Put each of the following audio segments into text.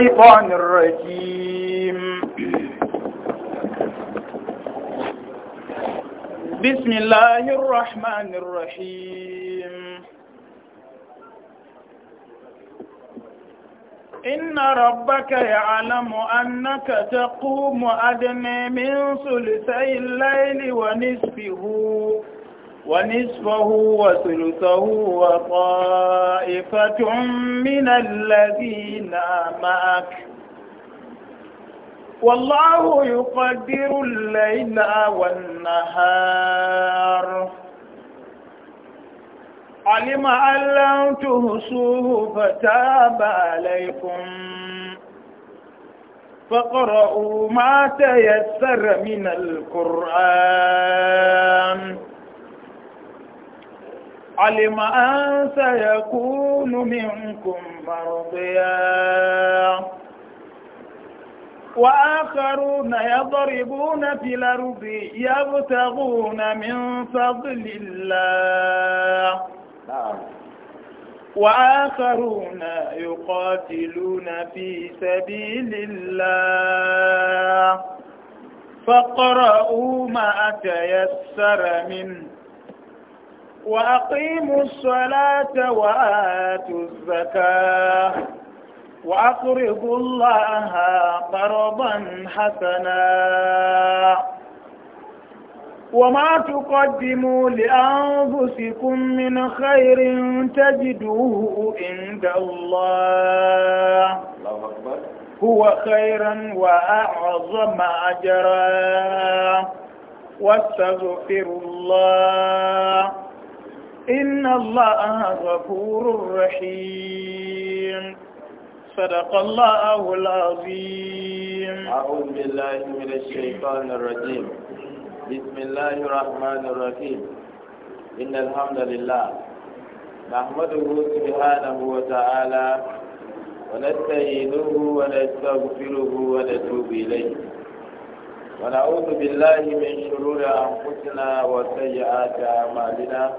الشيطان الرجيم بسم الله الرحمن الرحيم إن ربك يعلم أنك تقوم أدنى من ثلثي الليل ونصفه ونصفه وثلثه وطائفة من الذين معك والله يقدر الليل والنهار علم أن لم تهصوه فتاب عليكم فاقرؤوا ما تيسر من القرآن علم أن سيكون منكم مرضيا وآخرون يضربون في الأرض يبتغون من فضل الله نعم. وآخرون يقاتلون في سبيل الله فاقرؤوا ما تيسر منه وأقيموا الصلاة وآتوا الزكاة وأقرضوا الله قرضا حسنا وما تقدموا لأنفسكم من خير تجدوه عند الله هو خيرا وأعظم أجرا واستغفروا الله إن الله غفور رحيم صدق الله العظيم أعوذ بالله من الشيطان الرجيم بسم الله الرحمن الرحيم إن الحمد لله نحمده سبحانه وتعالى ونستعينه ونستغفره ونتوب إليه ونعوذ بالله من شرور أنفسنا وسيئات أعمالنا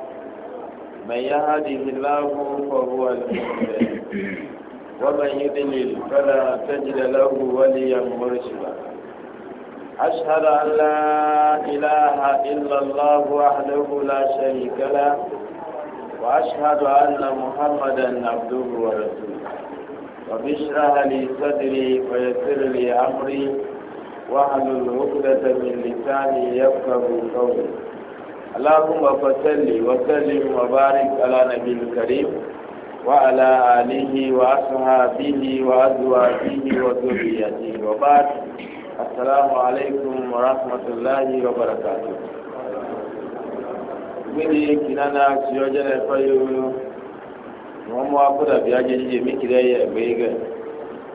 من يهده الله فهو المؤمن ومن يضلل فلا تجد له وليا مرشدا أشهد أن لا إله إلا الله وحده لا شريك له وأشهد أن محمدا عبده ورسوله وبشر لي صدري ويسر لي أمري واحلل عقدة من لساني يفقه قولي اللهم فصل وسلم وبارك على نبي الكريم وعلى آله وأصحابه وأزواجه وذريته وبعد السلام عليكم ورحمة الله وبركاته gbede kinana si ọjọ na ẹfọ yìí wọn mú akódà bí ajẹjẹ mi kìlẹ yẹ ẹgbẹ yìí gẹ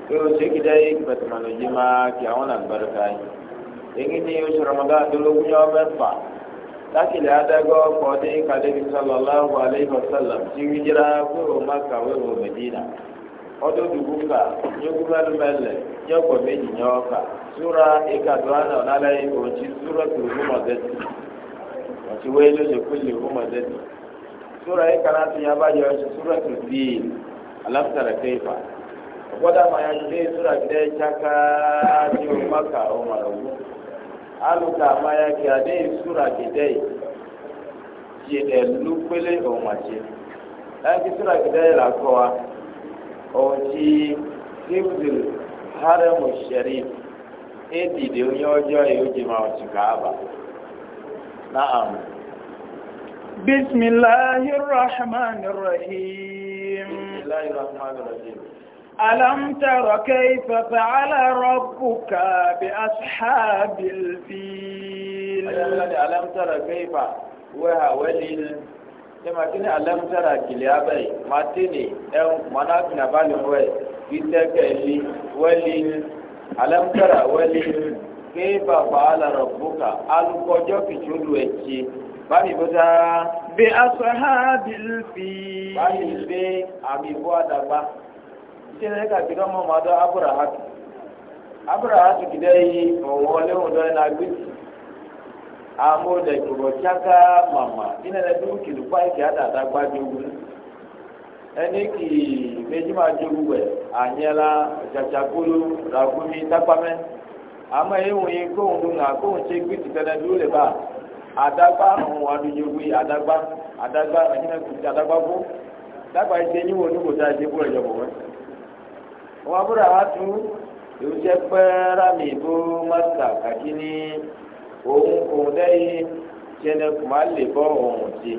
pé o ṣe kìlẹ yìí pẹtùmọlójì máa kí àwọn àgbàdo ká yìí èyí ni oṣù ramadan tó lógún yọ ọbẹ fà lákìlẹ̀ adágọ́ kọ́dé kàdébi sallallahu alayhi wa sallam tí wíjìrá wíwò maka wíwò medina ọdún dùgbùkà nyógúnmẹ́lú mẹ́lẹ̀ nyọ́kọ̀ méjì nyọ́ọ̀kà súra ìkàdúránà ọ̀nàlẹ́ ìkòròtì súra tòlú mọ̀dẹ́tì ọ̀tí wéyé lóṣè súra ìkànnà súra bíi alámsàrà ọ̀gbọ́dọ̀ dé súra aluka maya kí adé ìsúra gidẹ yìí yìí ẹlú pélé ọmọ àti ẹnkí ìsúra gidẹ yìí la kọ wa ọ̀hún ti hibzil haremu sherif édìdè onye ọjọ́ yìí ó jẹ ma ọ̀tún káàbà náà. بسم الله الرحمن الرحيم بسم ألم تر كيف فعل ربك بأصحاب الفيل ألم تر كيف وها وليل كما كنا ألم تر كليابي ماتيني أو مناك نبالي وي بيتك اللي وليل ألم تر وليل كيف فعل ربك الكوجوك جلو اتشي báyìí bó dáa. bí aṣọ ha bí lùfì. báyìí lé àmì tí ní ká kìdọ́ mọ́ màdọ́ abúrahàtù abúrahàtù kìdọ́ yìí ọ̀wọ́ léwọ̀n na iná gbèsè amóde gbogbo tsaka màmá iná lè dúró kìlú páìkì àtàtà gbàdúgbò ẹni kì í méjì máa e wẹ̀ ànyẹ́lá tsatsakolo ràkúmi tápámẹ́ àmọ́ kana le adagba adagba adagba adagba bu dagba wọn abúlé àwọn atú ìwúsẹ pẹ rami bó mọta kàkí ní òun òun dẹyìn kùmà lè bọ òun ti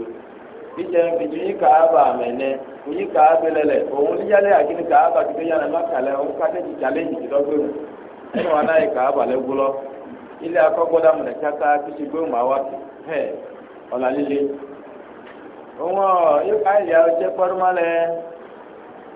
bí tiẹnẹ fìdí yín kàá bà mẹnẹ yín kàá òun níyàlẹ àkíní kíkẹ yàrá òun ẹnu wọn náà yẹ gbọlọ ilé kíákà ti gbẹrù má wà hẹ ọ̀là líle òun ọ̀ yóò ká ìyá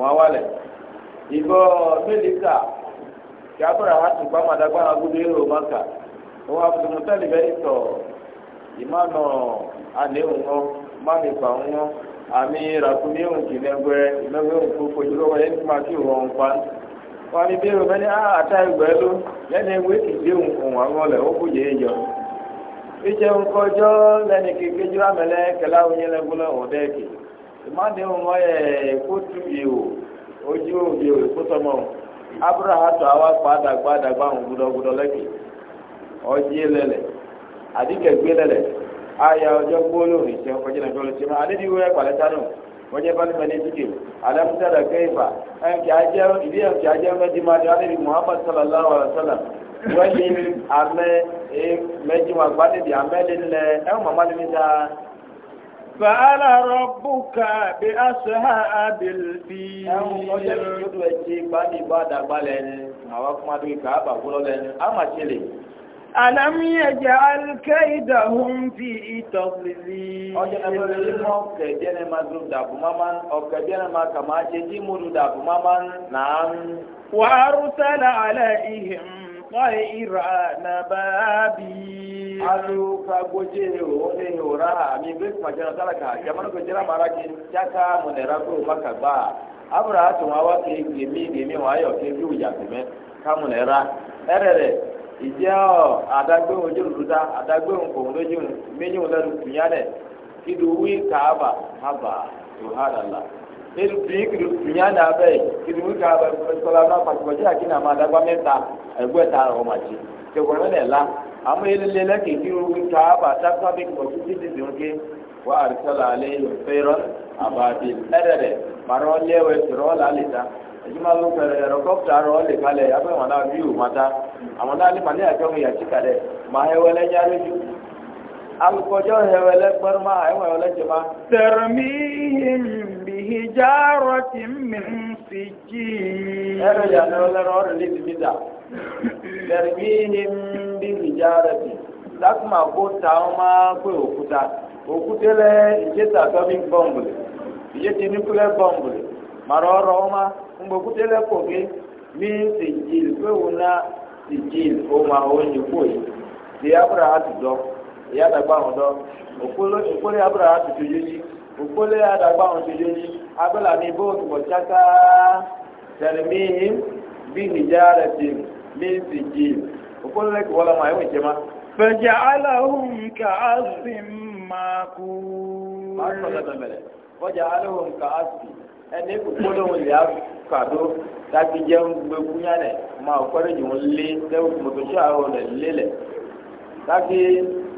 wọn wálẹ̀ ìbọ̀ mílíkà kí abraha ti gbá madagbára gbúdé èrò maka wọn abudumutali bẹ́ẹ̀ tọ̀ ìmánà àníhùn wọn mánìfà wọn àmì ràkúnmí òun jìnnà ìmẹgbẹ òun kó fojú lọ́wọ́ yẹn nípa ń pa wọn ni bí àtà ló ewu àwọn ó kú yéé yọ ìjẹun kékeré àwọn yẹn ìmáàdì ọmọ ẹ̀ kótó yìí o ojú òbí o ìkótó mọ́ abrahamu awa padà padà gba àwọn gbúdọ̀gbúdọ̀ lẹ́kì ọjí lẹ́lẹ̀ àdìgẹ̀gbé lẹ́lẹ̀ ayà ọjọ́ gbólóhùn ìṣẹ́ ọkọ̀jẹ́ náà fẹ́ẹ́ lọ sí ma àdídìwé ẹ̀ pàlẹ́ sánú wọ́n yẹ bani mẹ́lẹ́ dìde alamutala kẹ́yìnfà ẹnkì ajẹ́ ìdí ẹnkì ajẹ́ mẹ́dìmáàdì alẹ́bi muhammad sallallahu alayhi wa sallam wọ́n yẹ amẹ́ mẹ́dìmáàgbá níbi amẹ́ lẹ́nu lẹ́ ẹ̀ fàálà rọ́bùkà bí a sọ ha àbẹ̀lẹ̀bí. ẹ̀hún ọjọ́ ìṣòro ẹ̀jẹ̀ ìbáni bá dàgbà lẹ́nu àwọn akọ́mọdé kàábà gbọ́dọ̀ lẹ́nu á máa ṣe lè. àlàmì ẹ̀jẹ̀ alikẹ́ìdà hún fi ìtọ̀sílì. ọjọ́ ìṣòro yìí mọ kẹ̀jẹ́ ni máa dùn dàbò máma ọ̀kẹ́jẹ́ ni máa kà máa ṣe jí múdu dàbò máma nàá. wàá rúṣẹ́lẹ̀ alẹ́ ìhìn. khayra nababi alu ka goje o ne ora mi be ma jana talaka jamana ko jira mara ki chaka munera ko baka ba abra to ma wa ke gemi gemi wa yo ke ju ya me ka munera erere ije o adagbe adagbe nko ndojo meji kidu ka aba haba subhanallah ebi kiri nya na abẹ kiri wi ka sọla na pàṣípàṣí àti nà máa dàgbà mẹta ẹgbẹ ta ọmọdé tẹgbọn lẹ la àmọ elele lẹkẹ kiri wi ka bà dàgbà bí kò títí dùn ké wà àrísọlá alẹ yóò fẹrọ àbàdì ẹrẹrẹ màrọ lẹwẹ tẹrọ làálẹ lè ta alukɔjɔ hɛwɛ lɛ gbɛruma ɛwɛ wɛlɛ jɛma. tẹ̀rẹ̀mìhìm bìhí jaarọ̀ ti mìíràn sí jí. ɛrɛ yanni wɛlɛ rɔ rìlí ti mi da. tẹ̀rẹ̀mìhìm bìhí jaarọ̀ ti. lakuma kó tàwọn máa gbé òkúta. òkúta lɛ ìjẹta tọ́bi bọ́ǹbù lè. ìjẹta nukulẹ̀ bọ́ǹbù lè. màrọ̀ ọ̀rọ̀ wọn ma ń gbé òkúta lẹ pé wọn na sì òun àwọn òyìnbó yìí. ti abraham dọ̀. ìyá àdàgbà wọn dọ Ha abúlé àtútù yéyí òkúlé àdàgbà wọn tó yéyí abúlé àmì bóòtù bọ̀ ṣáká tẹ̀lémí bí nìjà rẹ̀ ti mí sì jì òkúlé lẹ́kì wọ́n lọ́mọ àyẹ̀wò ìjẹ́má. fẹ̀jẹ̀ aláhùn ká á ẹni wọn lè wọn lé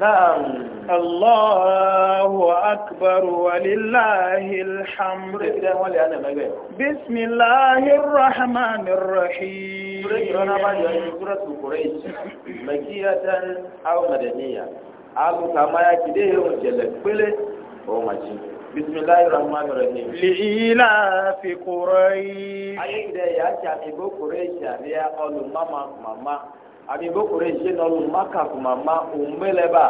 نعم الله أكبر ولله الحمد بسم الله الرحمن الرحيم سورة قريش مكية أو مدنية أبو كما يكده مجلد بلد أو مجلد بسم الله الرحمن الرحيم لإلاف قريش أيها يا شعبي قريش يا أولو ماما ماما àmì ìbókòrò na náà ló má kàkó màmá òun mélébà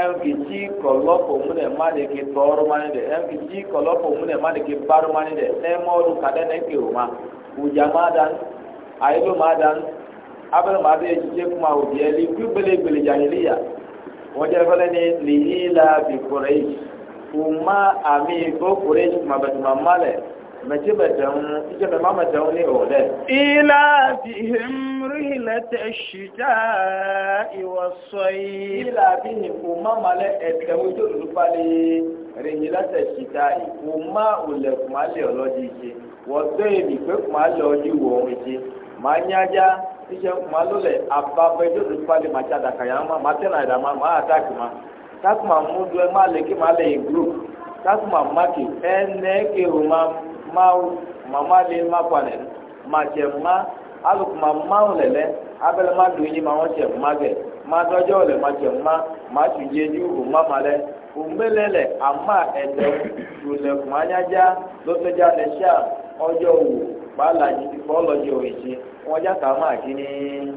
ẹnkìtì kọlọ́pọ̀ òun nẹ̀ má nìke tọ́ọ́rọ má ní dẹ̀ ẹnkìtì kọlọ́pọ̀ òun nẹ̀ má nìke bárọ má ní dẹ̀ ẹmọ́ọ̀lù kàdẹ́ nẹ́kẹ̀ òun má òjà má dan àyíló má dan abẹ́rẹ́ má bẹ́ẹ̀ jíjẹ́ kuma òbí ẹ lé gbégbélé gbèlè jànyẹ́líyà wọ́n jẹ́ fẹ́lẹ́ ní lìhí la bìkọ̀rẹ́ yìí òun má àmì ìbókòrò ìṣe kùmàbẹ̀tùmà má lẹ̀ إيلافهم رحلة الشتاء والصيف إيلافهم وما ملا أتكوت الرفالي رحلة الشتاء وما أولك مالي أولوجيك والصيف يكوك مالي ما نياجا kuma lólẹ̀ abáfẹ́jọ́ ìfipáde máa ṣe àdàkàyà máa máa tẹ̀lé àdá máa máa àtàkì máa tákùmá mú dùn ẹ máa lè kí máa lè gírò tákùmá ma mawu mama le ma kwanɛ ma tsɛ ma alu kuma mawu lɛ lɛ abɛlɛ ma do yi ma wɔn tsɛ ma gɛ ma dɔdzɔ lɛ ma tsɛ ma ma tu dze di o ma ma lɛ o ama ɛdɛ tu lɛ kuma nyadza lɔtɔdza lɛ kpala yi bọ́ọ̀lọ̀ yóò ṣe wọ́n já ká máa kí ni.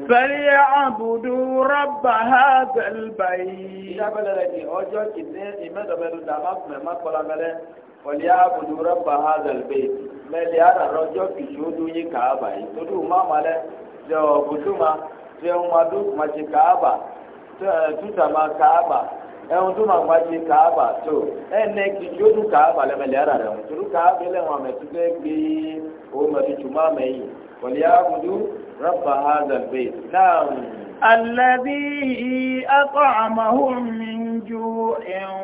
fẹ́lẹ́ àbùdù rọ́bà ha bẹ̀lbà yìí. ìṣàbẹ̀lẹ̀ rẹ̀ ni ọjọ́ kìíní ìmẹ́dọ̀mẹ́dọ̀ dàmá kùmẹ̀ má kọ́lá mẹ́lẹ́ fọlẹ́ àbùdù rọ́bà ha bẹ̀lbà yìí mẹ́lẹ́ àdàrọ̀ ọjọ́ kìíní ó dún yín kàába yìí tó dùn má malẹ̀ jẹ́ ọ̀bùdù ma jẹ́ ọmọdún má ti kàába túta ma وليعبدوا رب هذا البيت نعم الذي أطعمهم من جوع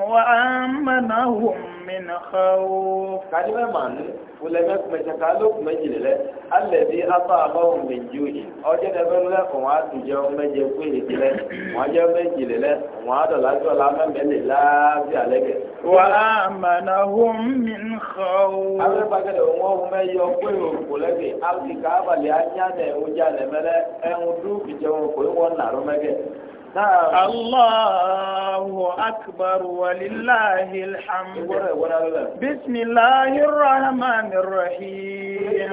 وآمنهم من خوف كلمة معنى ولما مشكالوك مجلة الذي أصابهم من جوج أو جنبهم لكم واتجاهم مجيكوه جلة وجاهم مجلة وعدلاتوا لما من لا في عليك وآمنهم من خوف أبدا بقى لهم مجيكوه كلك أبدا كابا لأنيان وجانا ملا أنه دوب جاهم كلهم ونعرمك Allahu akbar walillahi alhamd. Bísmí láyé rahman rahim.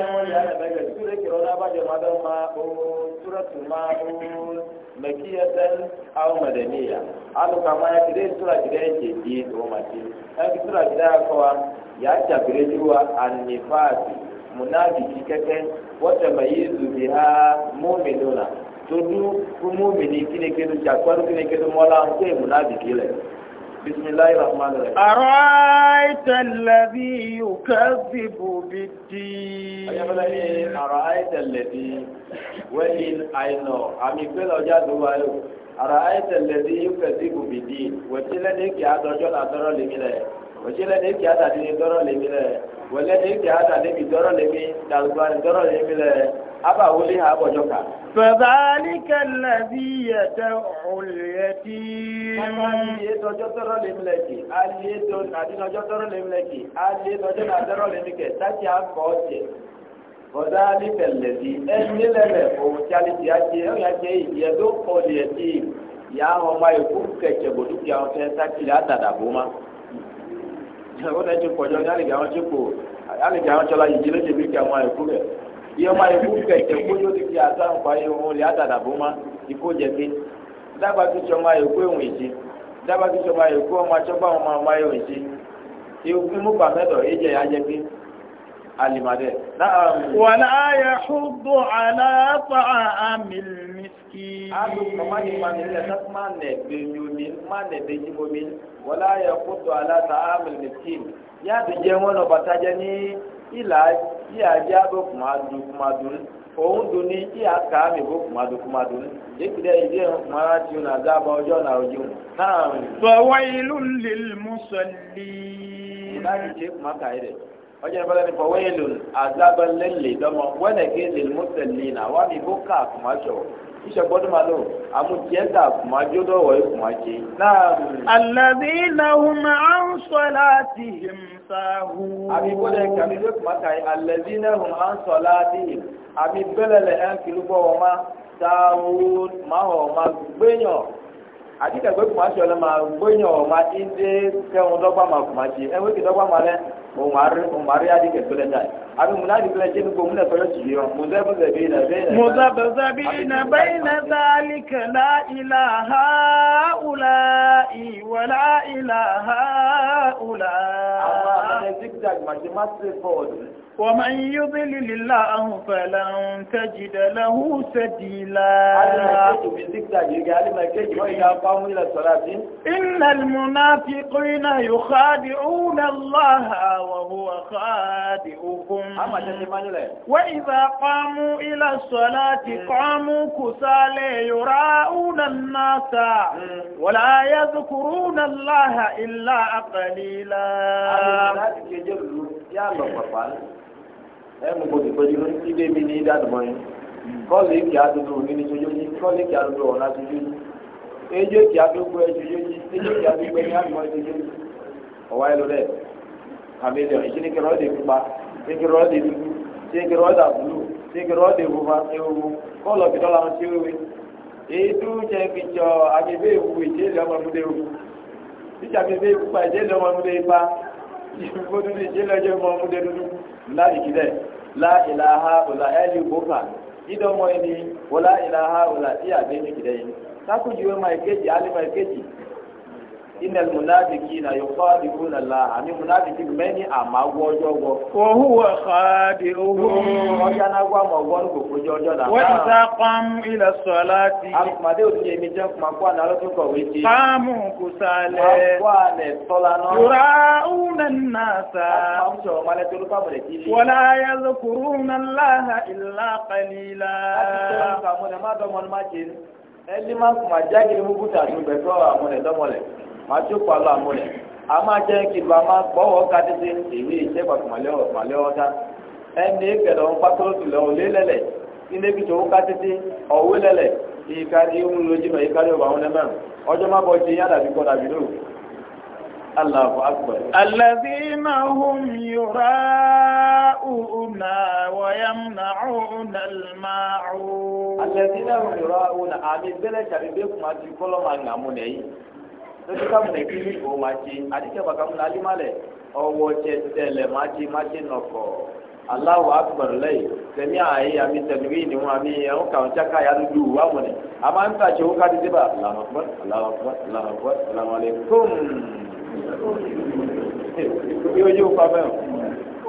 Makiyatan aw madaniya. Alu kama ya kire sura kire ke ji to mace. An sura kire kawa ya tabire juwa annifasi munafiki kake wata bayizu biha mu'minuna todu kumumini kini kedu jakwaru kini kedu mola nke munafiki le bismillahi rahmani rahim araita alladhi yukadhibu biddi ayabala ni araita alladhi wa in aino ami pela oja do wa yo araita alladhi yukadhibu biddi wa tila de ki adojo na toro limile wòtsílẹ̀ ní kí ata dini dọ́rọ̀ lé mi lẹ̀ wòlẹ̀ ní kí ata níbi dọ́rọ̀ lé mi dàlùbà ní dọ́rọ̀ lé mi lẹ̀ aba wuli ha bọ̀jọ̀ kan. fẹ̀bàálì kẹlẹ̀ bí yẹtẹ ọ̀lẹ́tì. aliye tọjọ tọrọ lé mi lẹ kì aliye tọ adinọjọ tọrọ lé mi lẹ kì aliye tọjọ náà tọrọ lé mi kẹ tàkì akọ ọtẹ fẹ̀bàálì kẹlẹ̀ bí ẹni lẹ́lẹ̀ òun tí a e ti àti ẹ̀yà jẹ́ ìyẹ́dó ọ̀lẹ́tì yà á hàn máa ikú kẹ̀kẹ́ bòdúkì àwọn fẹ́ tàkì lẹ́ àtàdàbò máa wọ́n ti kọjọ ní alẹ́ àwọn tí kò alẹ́ àwọn tí ọlá yìí jẹ́ lóṣèlú kí àwọn àìkú rẹ̀ iye ọmọ àìkú kẹ̀kẹ́ kójú ti fi àtàwọn pa iye ohun lè àdàdà bó má ikú jẹ pé dábàá tó ti ọmọ àìkú ẹ̀wọ̀n ìṣe dábàá tó ti ọmọ àìkú ọmọ atsọ́gbà ọmọ ọmọ ẹ̀wọ̀n ìṣe ìmúpa mẹ́tọ̀ ẹ̀jẹ̀ yà jẹ pé alimade. Wàlá um, yẹ ṣúgbò aláfà àmìl miski. Alùpùpù máa ní máa nílẹ̀ láti máa nẹ̀ gbẹ̀yìn omi, máa nẹ̀ gbẹ̀yìn omi. Wàlá yẹ ṣúgbò aláfà àmìl miski. Yáàbí jẹ́ wọn lọ bàtà jẹ́ ní ìlà tí àjẹ́ àbọ̀ kùmàdùn. Òun dùn ní ọjọ́ ìbálẹ̀ ní fọwọ́ èlò àdábẹ́lẹ́lẹ̀ dọ́mọ wẹ́lẹ̀kẹ́ lè mú tẹ̀lé náà wà ní bókà àkùmáṣọ iṣẹ́ gbọ́dọ̀ máa lò àmújẹ́dà àkùmájọ́dọ̀wọ̀ ìkùmájẹ́ náà. àlàbí làwọn máa ń sọ láti ìmùsáhù. àbí bọ́dẹ̀ kàmí ló kùmáta yìí àlàbí làwọn máa ń sọ láti ìmù àbí bẹ́lẹ̀lẹ̀ ẹ̀ ń kìlú bọ́ wọn máa sáwó máa ọ̀ máa gbéyàn àdìgbàgbé kùmáṣọ́ lẹ́ máa gbéyàn ọ̀ máa ń dé kẹ́hún dọ́gba máa kùmáṣe ẹ̀ wọ́n umari adi ke tole dai abi munadi tole je ko mun fa yoji yo muzabazabina baina muzabazabina baina zalika la ilaha ula wa la ilaha ula amma zigzag ma je masifod ومن يضلل الله فلن تجد له سبيلا إن المنافقين يخادعون الله وهو خادعهم وإذا قاموا إلى الصلاة قاموا كسالى يراءون الناس ولا يذكرون الله إلا قليلا ẹmu kò sì pẹ̀lú ilé mi ní ìdádùmọ̀ yẹn kọ́ọ̀lù èkì àdúgbò mi ní sojú yìí kọ́ọ̀lù èkì àdúgbò ọ̀nà sojú yìí ejò èkì àdúgbò ẹ̀jú yìí ejò èkì àdúgbò ẹ̀yìn àdúgbò ẹ̀jú yìí ọ̀wá ẹ̀ ló dẹ̀ àmìlẹ̀ ìṣẹ́ nìkẹrẹ ọ̀dẹ̀ pupa nìkẹrẹ ọ̀dẹ̀ dúdú nìkẹrẹ ọ̀dà bùlù nìkẹrẹ ọ̀dẹ̀ pupa ewu kọ́ọ̀lù ọ̀bì dọ́là ń ṣe wéwé ètò ìjẹ fi jọ àmì bẹ́ẹ̀ ibodu di jela je mo mu de dudu la ikide la ilaha wala ali boka ido mo ni wala ilaha wala iya be ni kide inal munafiki na yọkọ ibu na la ami munafiki mẹni ama wọjọ wọ. òhu wà xaadi òhu. ọjà náà wà mọ wọn kò fojú ọjọ náà. wọ́n sá pam ilẹ̀ sọ̀lá ti. àkùmàdé òtún yẹmi jẹ́ kuma kó àná ló tún kọ̀wé ti. paamu kusalẹ. wà kó àná tọ́lá náà. yorùbá una nà sa. àwọn sọ̀rọ̀ malẹ̀ tó ló bá bọ̀lẹ̀ kí lè. wọlé ayé lukuru na láha ilà kalila. a ti sọ̀rọ̀ máa tó kpalọ àmúlẹ̀ àmà jẹ́ kìlọ̀ àmà gbọ́wọ́ kadìsí èmi ìṣe pàtàkùnmalẹ̀ ọ̀tàmàlẹ̀ ọ̀tá ẹni kẹlẹ̀ ọ̀hún pátó kìlọ̀ òlé lẹ́lẹ̀ ilé bìtò ó kadìsí ọ̀wé lẹ́lẹ̀ ìkàdí ń lójú mẹ́ ìkàdí ọ̀bà ma ẹ̀mẹ́ ọjọ́ má bọ̀ hum hum ti ma sosika mu ekili o ma tsi adike baka mu n'ali ma lɛ ɔwɔ tse tɛ lɛ ma tsi ma tsi nɔkɔ alahu akpɛr lɛ yi sɛmi ayi ami sɛnuwi ni mu ami ɛwɔ kan tsaka ya do du wa mɔnɛ ama n ta tse wo ka di seba alahu akpɛr alahu akpɛr alahu akpɛr alahu akpɛr kom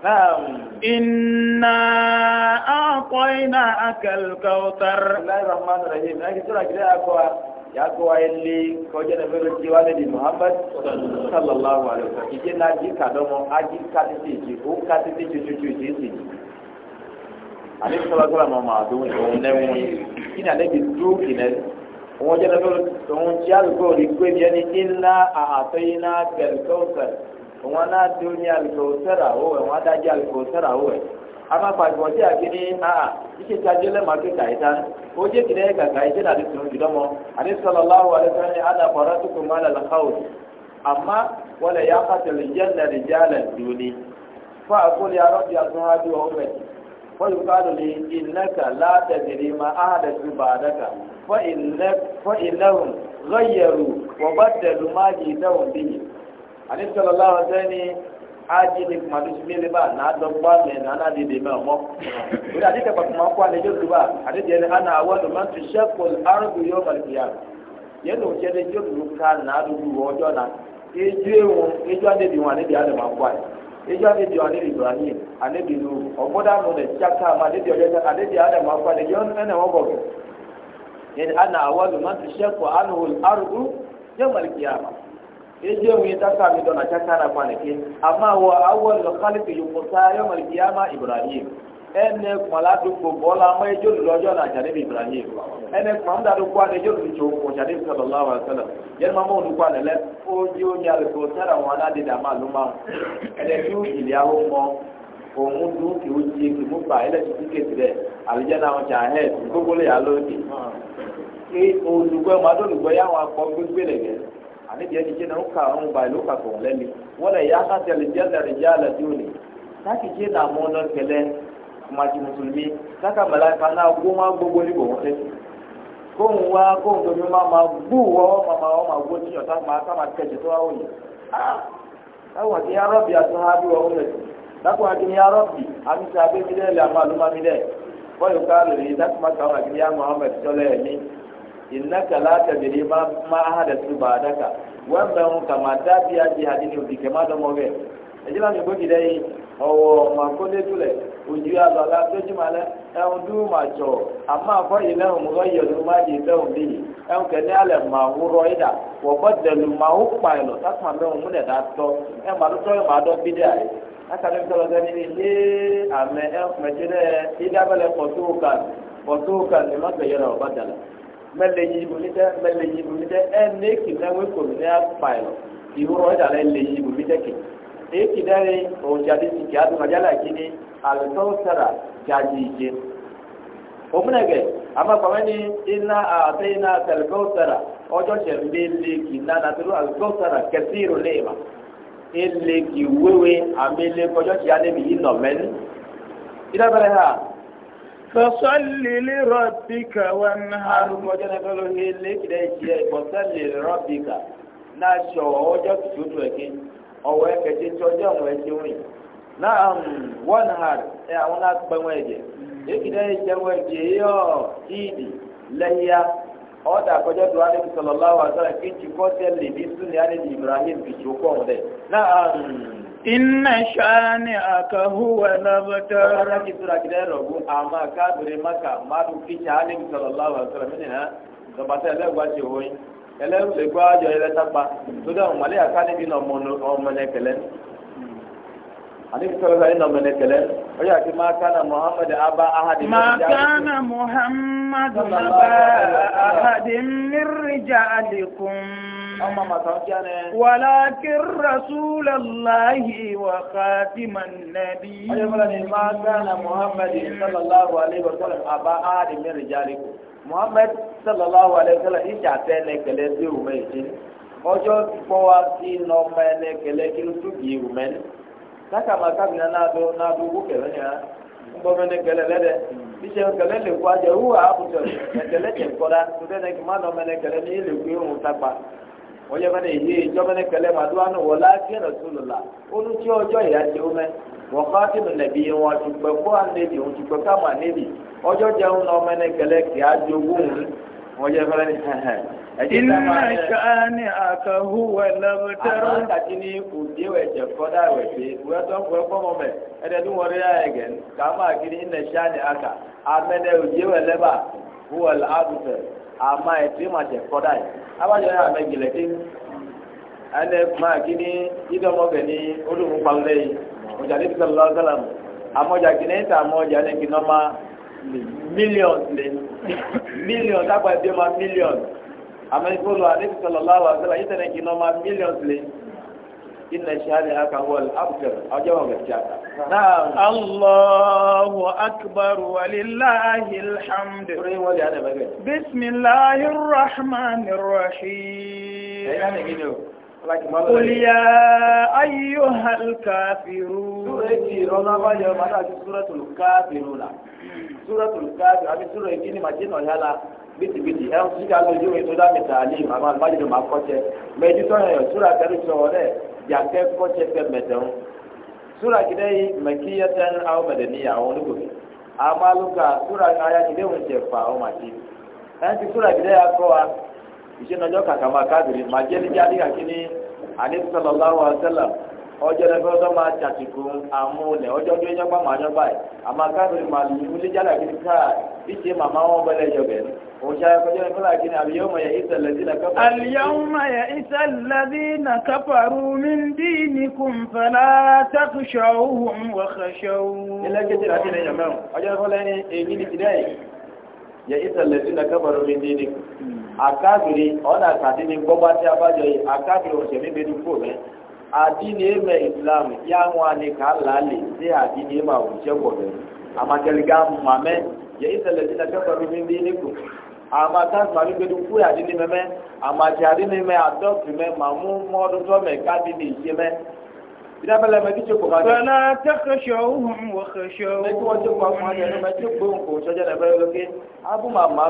Inna a'tayna akal kautar. Bismillahir Rahmanir Rahim. Nake tura gida akwa ya kowa yalle kawaje da bebe jiwa da di Muhammad sallallahu alaihi wasallam. Ije na ji ka domo aji ka ti ti ji o ka ti ti ju ju ji ti. Ale sala sala ma ma do ni ne mu ina ne bi du kine. Wọ́n jẹ́ wọn náà tó ní alikọsẹra owó ẹ wọn adájọ alikọsẹra owó ẹ amakpagbọ tí a kiri ha ìṣèṣe ajẹlẹ ma kéka yìí tán o jẹ kiri ẹ kàkà yìí tẹ́lẹ̀ àdìsùn jùlọ mọ àdìsọlọ láwọ àdìsọlọ ní adàkọrọ tó kò má lẹlẹ káwọ àmà wọlé yà kàtẹlẹ jẹlẹ rìjálẹ dùnì fún àkọlẹ arọbì àtúnwájú ọmọ ẹ ويقال لي إنك لا تدري ما أحدث بعدك فإنك فإنهم غيروا وبدلوا ما جئتهم به àdìsọ̀rọ̀ láwọn sẹ́ni ájílẹ̀ kùmàdùsí mi lébà nàádọ́gba mẹ́ nàánàdìdì mẹ́ ọmọ. wíwá àdìsẹ̀ pàtàkì kó àlejò lùbà àdìsẹ̀ ni àná àwọn ọ̀dọ́mọ̀ ti sẹ́kọ̀ọ́ arúgbó yóò jẹ́ ní ká ọjọ́ náà ewu anabi wọn anabi ibrahim na chaka ma anabi ọjọ anabi adam akwa na yọn ẹna wọn bọ yẹn ana eji mu ta ka mi na kwanake amma wa awwal khaliqi yuqta yawm al-qiyamah ibrahim ene kumala du bola ma ejo lojo na jare ibrahim ene kumanda du kwa ejo du jo ko jare sallallahu alaihi wasallam yer ma mo du kwa le o ji o nyal ko tara wana de da ma ene ju ile awo mo òun dún kí ó akọ anabi ya dike nan ka on ba lo ka ton lele wala ya ka tele jalla rijala duni taki je na mo non kele ma ti musulmi saka malaika na go ma gbogbo ni bo won le ko n wa ko n domi ma ma gbu wo ma ma wo ma gbo ti yota ma ka ma keje to awo ni ah awo ti ya rabbi ashabi wa ummati dako akini ya rabbi ami sabe mi de la ma lu ma mi de bọ́ọ̀lù káàlù yìí láti má kàwọn àgbéyà muhammed sọlẹ̀ mi ìnáka látàbìrì má má hàdà sí bàdákà wẹ́ẹ̀mẹ̀hún kàmá ka ma àdínní òbí kẹ̀má dọ́mọ́gẹ̀ ẹ̀jẹ̀ láti gbòdì lẹ́yìn ọ̀wọ̀ màkólétu lẹ̀ ojú àbàlá tójúmọ̀ lẹ́ ẹ̀hún dúró mà tsọ̀ àmọ́ àfọyín yi mọ́ yọ̀dún ma di lẹ́hùn bí yìí ẹ̀hún kẹ́ni alẹ̀ mà wúrọ̀ yìí yi wọ́n bọ́ dẹ̀lu mà ó pa ẹ̀lọ́ sákùmá mẹ́hùn mú kan kan mɛlɛ yibu mi dɛ mɛlɛ yibu mi dɛ ɛnɛ kìnnà wɛ kòmi dɛ akpailɔ ìhóró ɔjà lɛ lɛ yibu mi dɛ kì eki dɛ ni ɔjà di ti kia duma kini alitɔw sara jaji je omunagɛ ama kpamɛ ni ina ate ina alitɔw sara ɔjɔ sɛ lele kìnnà natoro alitɔw sara kɛsiro lema ele kì wewe amele kɔjɔ tia ne mi yi nɔ mɛni. ìdábẹ̀rẹ̀ ha fasalli li rabbika wanhar mọjọ náà fẹ́ lórí lẹ́kìdẹ́ ìjẹ́ fasalli li rabbika náà ṣọ ọjọ́ tuntun ẹ̀kí ọwọ́ ẹ̀kẹ́ tí tọ́jú ọmọ ẹ̀kí wọ̀nyí náà wanhar ẹ̀ àwọn náà pẹ́ wọn ẹ̀jẹ̀ lẹ́kìdẹ́ ìjẹ́ ti ibrahim inna shani aka huwa labata raki tura gidan rabu amma kabire maka ma du ki jani sallallahu alaihi wasallam ina to ba ta legwa je hoyi eleru le gwa jo ile tapa to da male aka ni bino mo no o mele kele ani ki sala ina mele ولكن رسول الله وخاتم النبي ما كان محمد صلى الله عليه وسلم أبا آدم من رجالكم محمد صلى الله عليه وسلم إيجا تيني كليسي وميشين ọjọ́ pípọ́ wá sí iná ọmọ ẹni kẹlẹ́ kí ló tún kìí wùmẹ́ ní. sákàmà kábìnà náà do náà do owó kẹlẹ́ yẹn ń bọ́ mẹ́ni kẹlẹ́ lẹ́dẹ̀ bí ṣe kẹlẹ́ lè kó ajẹ́ wúwo àbùtọ̀ ẹ̀kẹlẹ́ tẹ̀ kọ́ra tó dẹ́nẹ́kì má nà wọ́n yẹ mẹ́rin èyí ìjọ mẹ́rin kẹlẹ́ màdúrà nù wọ́n láti ẹ̀rọ tó lò la olú tí ọjọ́ ìyá ti ó mẹ́ wọ́n kọ́ àti nù lẹ̀bi wọn àtùpẹ́ fún ànẹ́bì wọn àtùpẹ́ káàmù ànẹ́bì ọjọ́ jẹun náà mẹ́rin kẹlẹ́ kì á jogún wọ́n yẹ mẹ́rin ilé ìṣáni àkàhùwẹ̀ lẹ́bùtẹ́rù. àwọn àkàtì ní òde wẹ̀jẹ̀ kọ́dà wẹ̀jẹ̀ wẹ́tọ́ fún ẹ̀kọ́ ní wọ́n rí ẹ̀gẹ̀ kàmá kiri ilé ìṣáni àkà amẹ́dẹ̀ òde wẹ̀ lẹ́bà ama ete ma tɛ kɔ da yi aba yɛ ame gele te ɛnɛ kuma kini idɔ mɔ bɛ ni o de mo kpalu lɛ yi ɔdza ne bisala lɔ sɛlɛ mo amɔdza kini eta amɔdza ne kini ɔma million le million takpa ebi ma million ame folo ne bisala lɔ sɛlɛ yi tɛ ne kini ɔma million le. إن شانئك هو الأبتر أجواب الجاكة نعم الله أكبر ولله الحمد بسم الله الرحمن الرحيم قل يا أيها الكافرون سورة الكافرون سورة الكافرون سورة الكافرون مجين ويهلا bitibiti ẹ̀ ń sika lójú ètò dámìtà àlè màmá àlùmájèlè máa kọ́ jẹ mẹ́jì tó yàn yàn sórí àtẹ́rù yake kɔtse ke mɛtɛŋ sura kide yi mɛkiya tɛn awo mɛdɛniya awo ne gobe amalu ka sura aya kide ŋun tɛ fa awo ma ti ɛnti sura kide ya kɔ wa ìṣe nɔjɔ kàkàmà kábìrì màjẹ́lídé adé kàkíní alẹ́ sọlọ́lá wa sẹ́lẹ̀m ọjọ́ náà fẹ́ sọ́mà jàtìkù àmúlẹ̀ ọjọ́ tó yẹn gbàmà àjọba yìí àmà káfíìn mà lùlí jálà kí káà bí ṣe màmá wọn bẹ̀lẹ̀ yọ̀bẹ̀ ní. òṣà ẹ̀kọ́jọ́ náà fẹ́lá kíni àlìyọ́mọ yẹ ìsẹ̀lẹ̀dí nà káfà. àlìyọ́mọ yẹ nà káfà rúmi dí ní kùnfẹ̀lá tẹ́kùṣọ̀ òhùn wọ̀kẹ̀ṣọ̀ òhùn. ilé kejì láti ní yọ̀mẹ́ o ọjọ́ fẹ́lá ní èyí ní tìdẹ́ yìí yẹ ìsẹ̀lẹ̀dí nà káfà rúmi dí ní. àkáàkiri ọ̀nà àkàdé ni gbọ́gbá tí adini eme islam ya nwani ka alali si adini eme awuce kwabe amma kelga mame ya isa lalina kafaru min dinikum amma ta sami gbedu ku adini meme amma ti adini me adopti me ma mu modu to me ka adini ise me ina bala me ti choko kaje fala takhshawhum wa khshawhum me ko choko ma ne me ti gbo ko so je na bala loke abu ma ma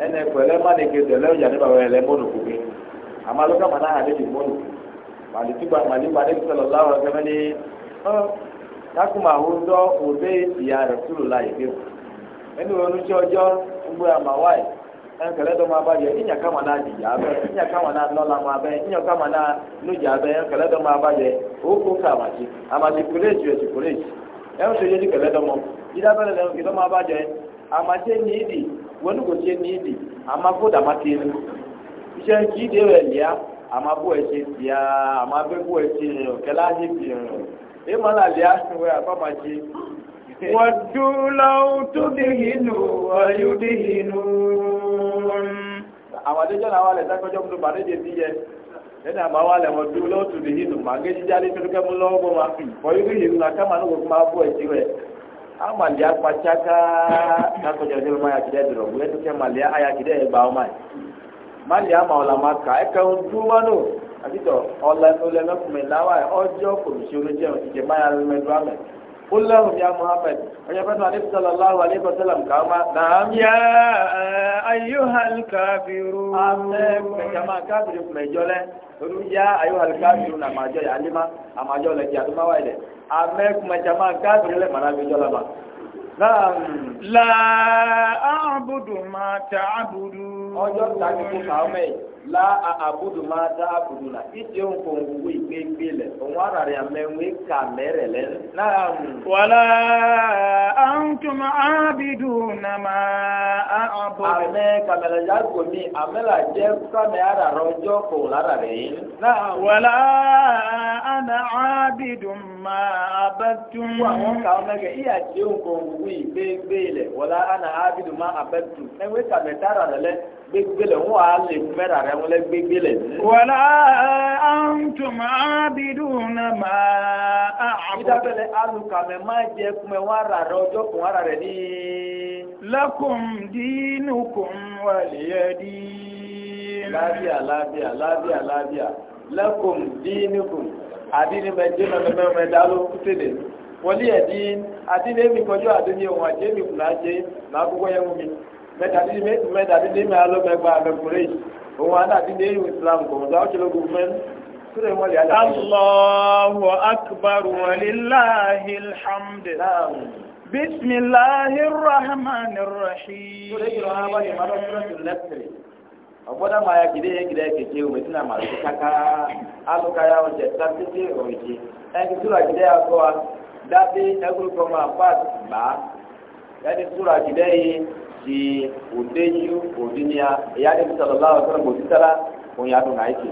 ɛnɛ kɔlɛ ma ne ke tɛlɛ ɔdza ne ba wɛ lɛ ama kama na ha ne ti mɔnuku mali tukpa mali ba ne sɔlɔ la wɔ kɛmɛ ni ɔ ma wo dɔ ya rɛ tulu la yi ke o ɛnu wɔnu tsi ɔdzɔ ama wa yi dɔ ma ba yɛ inya kama na kama na lɔla ma inya kama na nu dza dɔ ma ba ka ɛti ɛnu ti kɛlɛ dɔ mɔ lɛ lɛ dɔ ma wani goce ni idi amma ko da matiri ishe ki de we ya amma bo e se ya amma be bo e se o kala ji bi e ma la ya we apa ma ji waddu law tudhinu wa yudhinun awade jona wale ta ko jom du bare je ti ye ẹni àmà wa lẹ̀ wọ́n dúró tó lè yín nù jíjá lé tó kẹ́ mú lọ́wọ́ bó máa fi bọ́ yóò yín nù gbogbo máa bọ̀ ẹ̀jẹ̀ rẹ̀ amalia kpatsaka n'akɔdza ɛdini ma yakidɛ dɔrɔ wòye tó kɛ malia ayakidɛ ɛgbawo ma yi malia ma ɔla ma ka ɛkɛ ŋu du ma no àtitɔ ɔlɛ ɔlɛ n'ɛfumɛ lawa yɛ ɔdzɔ kòmisi olódze ɔtí dze ma yalɛ mɛ do amɛ ɔlɛ ɔmia muhammed ɔnyɛ fɛn fɛn alebi sɔlɔ lawa alebi sɔlɔ nka ma naam. ya ayo hali kabiru. amɛ kɛkɛ ma kabiru kumɛ jɔ tonu ya ayo alikafiru na majo ya alima amajo le ya tuma wa ile ame kuma jama kafiru le mara bijo la ma naam la a'budu ma ta'budu ojo ta ni ko ka o me la abudu ma da abudu na ite ohun ko wu igbe igbe lɛ ohun arari amɛ ŋue ka mɛrɛ lɛ naam. wala antum abidu nama abo. amɛ kamɛlɛ ya gomi amɛ la jɛ kamɛ ararɔ jɔ ko larare. naam. Um, wala ana abidu ma. ma abadtum wa won ka ona ga iya ti o gbegbe le wala ana abidu ma abadtum e we ka betara le gbegbe le won a le mera re le gbegbe le wala antum ma a ma je adini mɛdze mɛ mɛ mɛ da lo kutele wɔli ɛdi adini emi kɔdzo adini wɔn adze mi kuna adze mɛ akokɔ yɛ ŋumi mɛ da adini mɛ da adini mɛ alo mɛ gba mɛ kure yi wɔn ana adini eyi islam kɔmɔ do awotse logo mɛ kure mɔ li ala. alahu akbar walilahi alhamdu. bisimilahi rahman rahim. kure yi lɔ aba yi ma lɔ sɔrɔ tu lɛtiri ọgbọdọ ma ya kìdí yẹn kìdí yẹn kìdí yẹn òmìnira ma lọ kaka alùka ya ọjà tàbí òyìnbí ẹni túrọ kìdí yẹn akọ wa dábí ẹgbẹ́ kọ́ ma pass gbà ẹni túrọ kìdí yẹn ti òdeyú òdìníà ìyá ni bí sọlọ láwọn sọlọ mọ̀tí sára òun yà dùn àìkè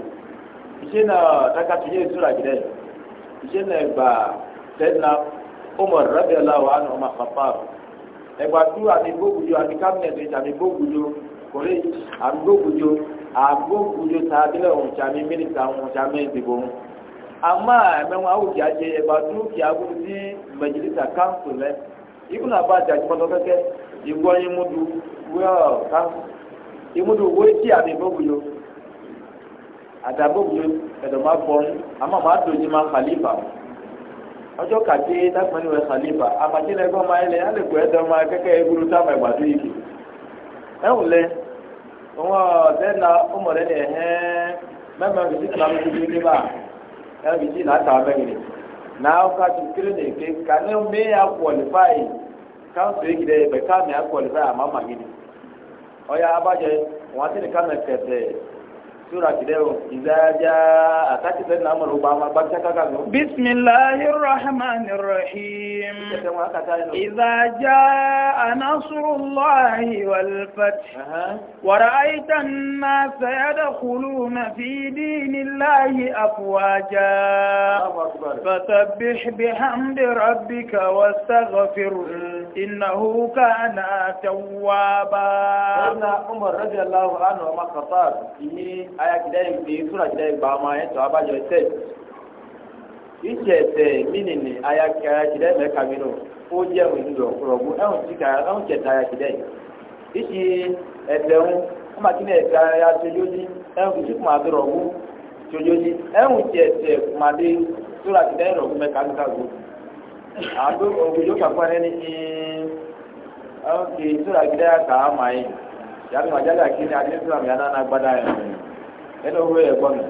iṣẹ́ náà dáka tó yẹ túrọ kìdí yẹn iṣẹ́ náà gbà tẹ́lá ọmọ rẹ́bẹ̀ẹ́lá wa ọmọ pàpà ẹgbàá tú àmì gbógudu àmì kábínẹ̀tì àmì gbógudu kore agbogudzo agbogudzo ta bi le ŋutsami minita ŋutsami dibo ŋu ama ɛmɛŋu awo kia dze ebatu kia ŋu ti medzilisa kanto lɛ iku na ba dza tɔtɔ kɛkɛ igbɔ imudu wɔ kan imudu wo eti ami gbogudzo ada gbogudzo ɛdɔma gbɔnu ama ma do dzi ma khalifa ɔjɔ kati takpɛni wɛ khalifa amatsi lɛ gbɔ ma yi lɛ alɛ gbɔ ɛdɔma kɛkɛ ebulu ta ma ɛgba do yi ke ɛwù ŋɔ ɖe na ɔmɔ ɖe le hɛ mɛmɛ bisi kana mi tutu ba na ta mɛ yi na ka tu kiri ne ke ka ne me ya kɔlifai kan so yi de bɛ ka me ya kɔlifai a ma ma yi ɔya abadze wɔn ati ne ka mɛ sura kidero izaja akati sai na amuru ba ma bakta kaka go bismillahir rahmanir rahim izaja nasrullahi wal fath wa ra'aita an-nas yadkhuluna fi dinillahi afwaja fasabbih bihamdi rabbika wastaghfir innahu kana ka wannan umar radiyallahu anhu ma qatar yi aya kidai bi sura kidai ba ma yato abajo sai ìṣẹ̀tẹ̀ mínì ní ayakẹ́kẹ́ mẹ́ka mínú ó jẹ́ òyìnbó ọ̀pọ̀lọpọ̀ ẹ̀hún tí kàrà ẹ̀hún kẹta ayakẹ́kẹ́ yìí ìṣì ẹ̀tẹ̀hún ọmọ akínú ẹ̀ka ayatolóyí ẹ̀hún tí kùmà dọ̀rọ̀ ọ̀hún tolóyí ẹ̀hún tí ẹ̀tẹ̀ kùmà dé tó rà kẹ́kẹ́ rọ̀ ọ̀hún mẹ́ka ado ogudu kakpa nini eh, ii ɔnke tura gida ya ka ama yi yanu adzali akini adi tura mi ana anagbada yi ɛna owu yɛ gbɔ mi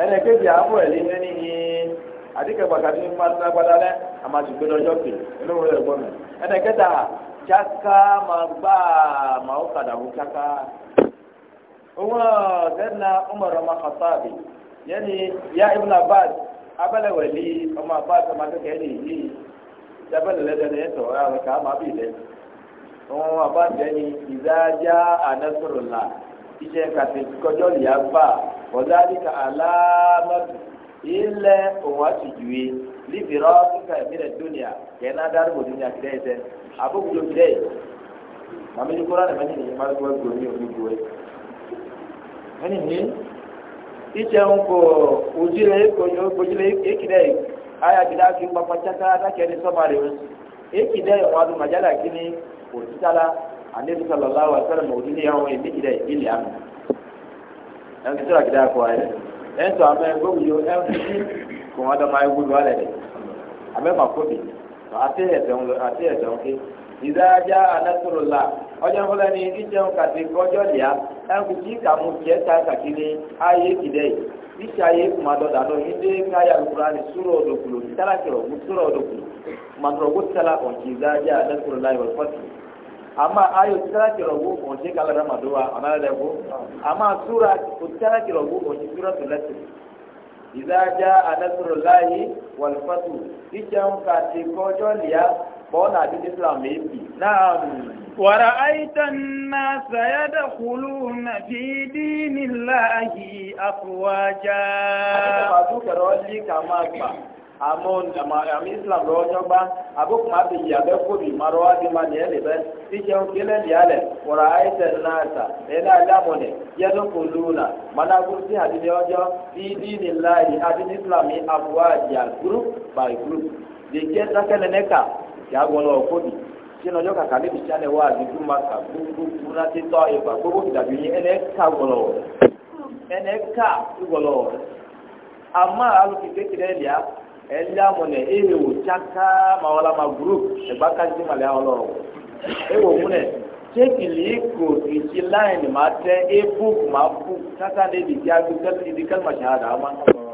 ɛna kebi abo ɛli nini ii adi kɛ gbaka di ma anagbada lɛ ama tu gbɛdɔ ɔdzɔ ke ɛna owu tsaka ma gbaa ma wo kada wo tsaka owó sɛdina umar ɔma kɔtɔ abi yanni ya ibn abad abɛlɛ wɛli ɔma abad ɔma kɛkɛ ɛli yi dabẹ́lẹ̀ lẹ́dẹ̀ ní ẹ̀tọ́ àwọn ẹ̀ka máa bì lẹ́ wọn abájẹ ni ìdájá ànẹ́sọ̀rọ̀là iṣẹ́ kàtẹ́ kọjọ́ lìyà gbà ọ̀dàdìkà aláàmọ́tò ilẹ̀ òun àtijúwe lífìrọ́ kíkà ìmílẹ̀ dúnìà kẹ́ẹ́nà dárúkọ dúnìà kìlẹ̀ ẹ̀sẹ̀ àbúkùjọ kìlẹ̀ yìí màmí ní kúrò ànàmẹ́ni nìyí máa gbọ́ gbòó ní omi gbòó yìí. ẹnì ní ìjẹun kò ojúlẹ̀ èkó ojúlẹ̀ èkìlẹ̀ yìí. aya gida ki ba kwatata ta ke ni sama da yau yake da yawa eh, da majala kini ko titala annabi sallallahu alaihi wasallam mawdi ne yawo yake gida ile am dan kitara gida ko ai en to go yo ko mai ma ko bi to ate don ate don ki idza ni ka ta isaye kuma dɔ da dɔ yi de ka ya kurani sura o do kulo tala kɛrɛ mu sura o do kulo kuma dɔrɔn ko tala kɔn ti da ja da sura la yɔrɔ fɔti ama ayo tala kɛrɛ ko kɔn ti kala dama do wa ɔna yɛrɛ ko ama sura o tala kɛrɛ ko kɔn ti sura tɛ lɛtɛ ìdájá adásọ̀rọ̀láyé wàlúfàtù ìjẹun kàti kọjọ́ lìá bọ́ọ̀nà àdínísìlámù èébì náà ورأيت الناس يدخلون في دين الله أفواجا àmọ́ àmì islam lọ́wọ́ jọba àbúkù máa bẹ yìí abẹ́ kóbi márọ́ wá bí ma nìyẹn lè bẹ́ tíjẹun kílẹ̀ nìyàlẹ̀ ọjọ́ bí díìnì láàyè àdínní islam àbúwá àjà tí ọjọ́ kàkà níbi tí a lè wá àdìdú máa kà gbogbo láti tọ́ ìgbà gbogbo ìdàbí yẹn ẹnẹ́ ká gbọ̀lọ̀ ẹnẹ́ ká gbọ̀lọ̀ àmọ́ alùpùpù kékeré ẹ̀lìá ẹ̀lìá mọ̀nẹ̀ èyí wò tsaka máa wọlá máa group ẹ̀gbá kájí màlẹ́ àwọn lọ́rọ̀ èyí wò múnẹ̀ tẹ́kì lìí kò ìtì láìní máa tẹ́ ebook máa bú tsaka ní ìdí kí a gbé kẹ́lí ìdí kẹ́lí màṣáàdà á máa ń kọ́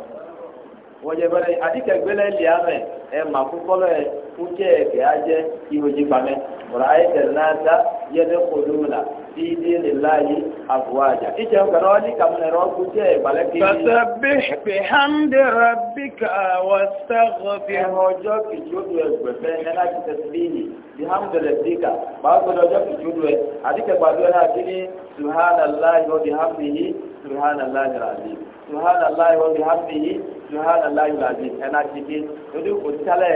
wọ́jẹ́ bẹ́rẹ̀ adíkẹ̀gbẹ́lẹ̀ lè amẹ̀ ẹ̀ mà kú kọ́lọ́ ẹ̀ kúkẹ́ ẹ̀kẹ́ ajẹ́ ìhòjì pamẹ́ ọ̀rọ̀ ayé tẹ̀lé náà dá yẹ́dẹ́ kọlu la fi dé lè láàyè àbúwájà. ìjẹ́ nǹkan wọn ní kàmúnẹ̀rọ kúkẹ́ ìpàlẹ́ kiri. bàtàbí bihamdi rabbika wà sàkó fi. ẹ̀hún ọjọ́ kìjì ó lu ẹgbẹ̀fẹ́ nẹ́nà ti tẹ̀sílíìnì bihamdi rabbika bàá gbọdọ̀ ọjọ́ kìjì ó lu ẹ àdìkẹ̀gbàdúrà náà kí ni subhanallah yóò bihamdihi subhanallah yàrá subahana lahi lahi ɛna tigi tori o tɛlɛ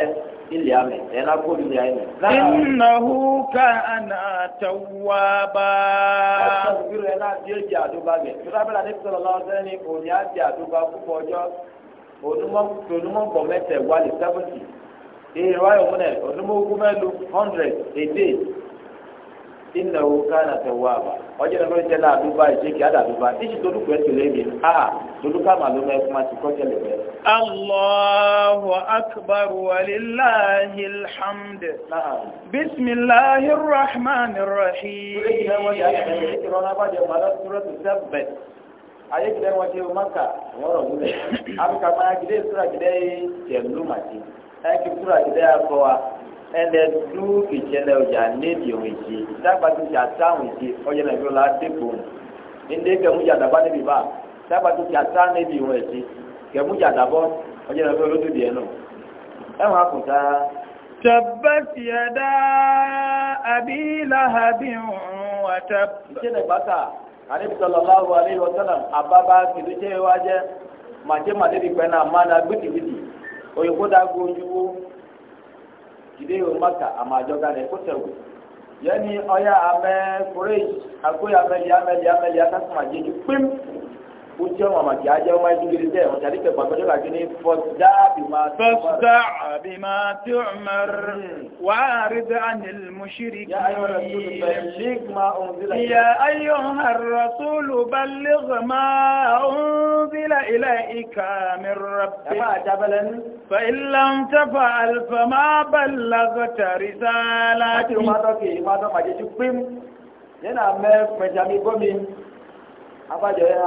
ili amɛ ɛna ko ili amɛ. innahu kana tawaba. ɛna biiru di aduba gɛ tura bɛ la ne sɔrɔ la ɔsɛ ni o y'a di aduba kukɔ jɔ onumɔ onumɔ gɔmɛ tɛ wali sɛbɛnti ee wa yɔ inna wo kana tawwaba ọjọ́ ìlú ìjẹ́ náà àdúgbò ìṣèkì àdàdúgbò tíṣì tó dùkú ẹ̀sùn lẹ́yìn a tolúkà màá ló mẹ́kún máa kọ́jẹ́ lè bẹ́ẹ̀. allahu akbar walilahi alhamd bisimilahi rahman rahim. ayélujára wọn ti àyẹ̀kẹ́ ìrọ̀ náà bá jẹ́ màdá túrọ̀ tó sẹ́bẹ̀ ayélujára wọn ti maka wọ́rọ̀ wúlẹ̀ àbíkà máa gidé ìtura gidé ɛnɛ du ìtsɛlɛ ɔdza n'ebi ɔn etsi sagbatu tsa ta ɔn etsi ɔdza n'ebi ɔla dekpo ɛnɛ kɛmu dza daba n'ebi ba sagbatu tsa ta n'ebi ɔn etsi kɛmu dza dabɔ ɔdza n'ebi ɔlɔdu deɛ nɔ ɛwɔ akuta. tabbat yada abi lahabi wa tab. ìtsɛlɛ gbata alebi sɔlɔlɔwɔ alebi wɔsɛlɛm ababa náà má ìdí maka àmàjọga rẹ kó tẹwò yẹni ọyá amẹ kúrẹ́yì àkóyà mẹlẹ amẹlẹ amẹlẹ akásùmájẹjù pín wuce wa maki aje wa ji gidi da wata rike ba kada lakini fasda bima fasda bima tu'mar wa arid anil mushrikin ya ayyuha rasul balligh ma unzila ya ayyuha rasul balligh ma unzila ilayka min rabbik fa jabalan fa in lam tafa'al fama ballaghta risalati ma doki ma do ma je jupim yana me pejami gomi abajo ya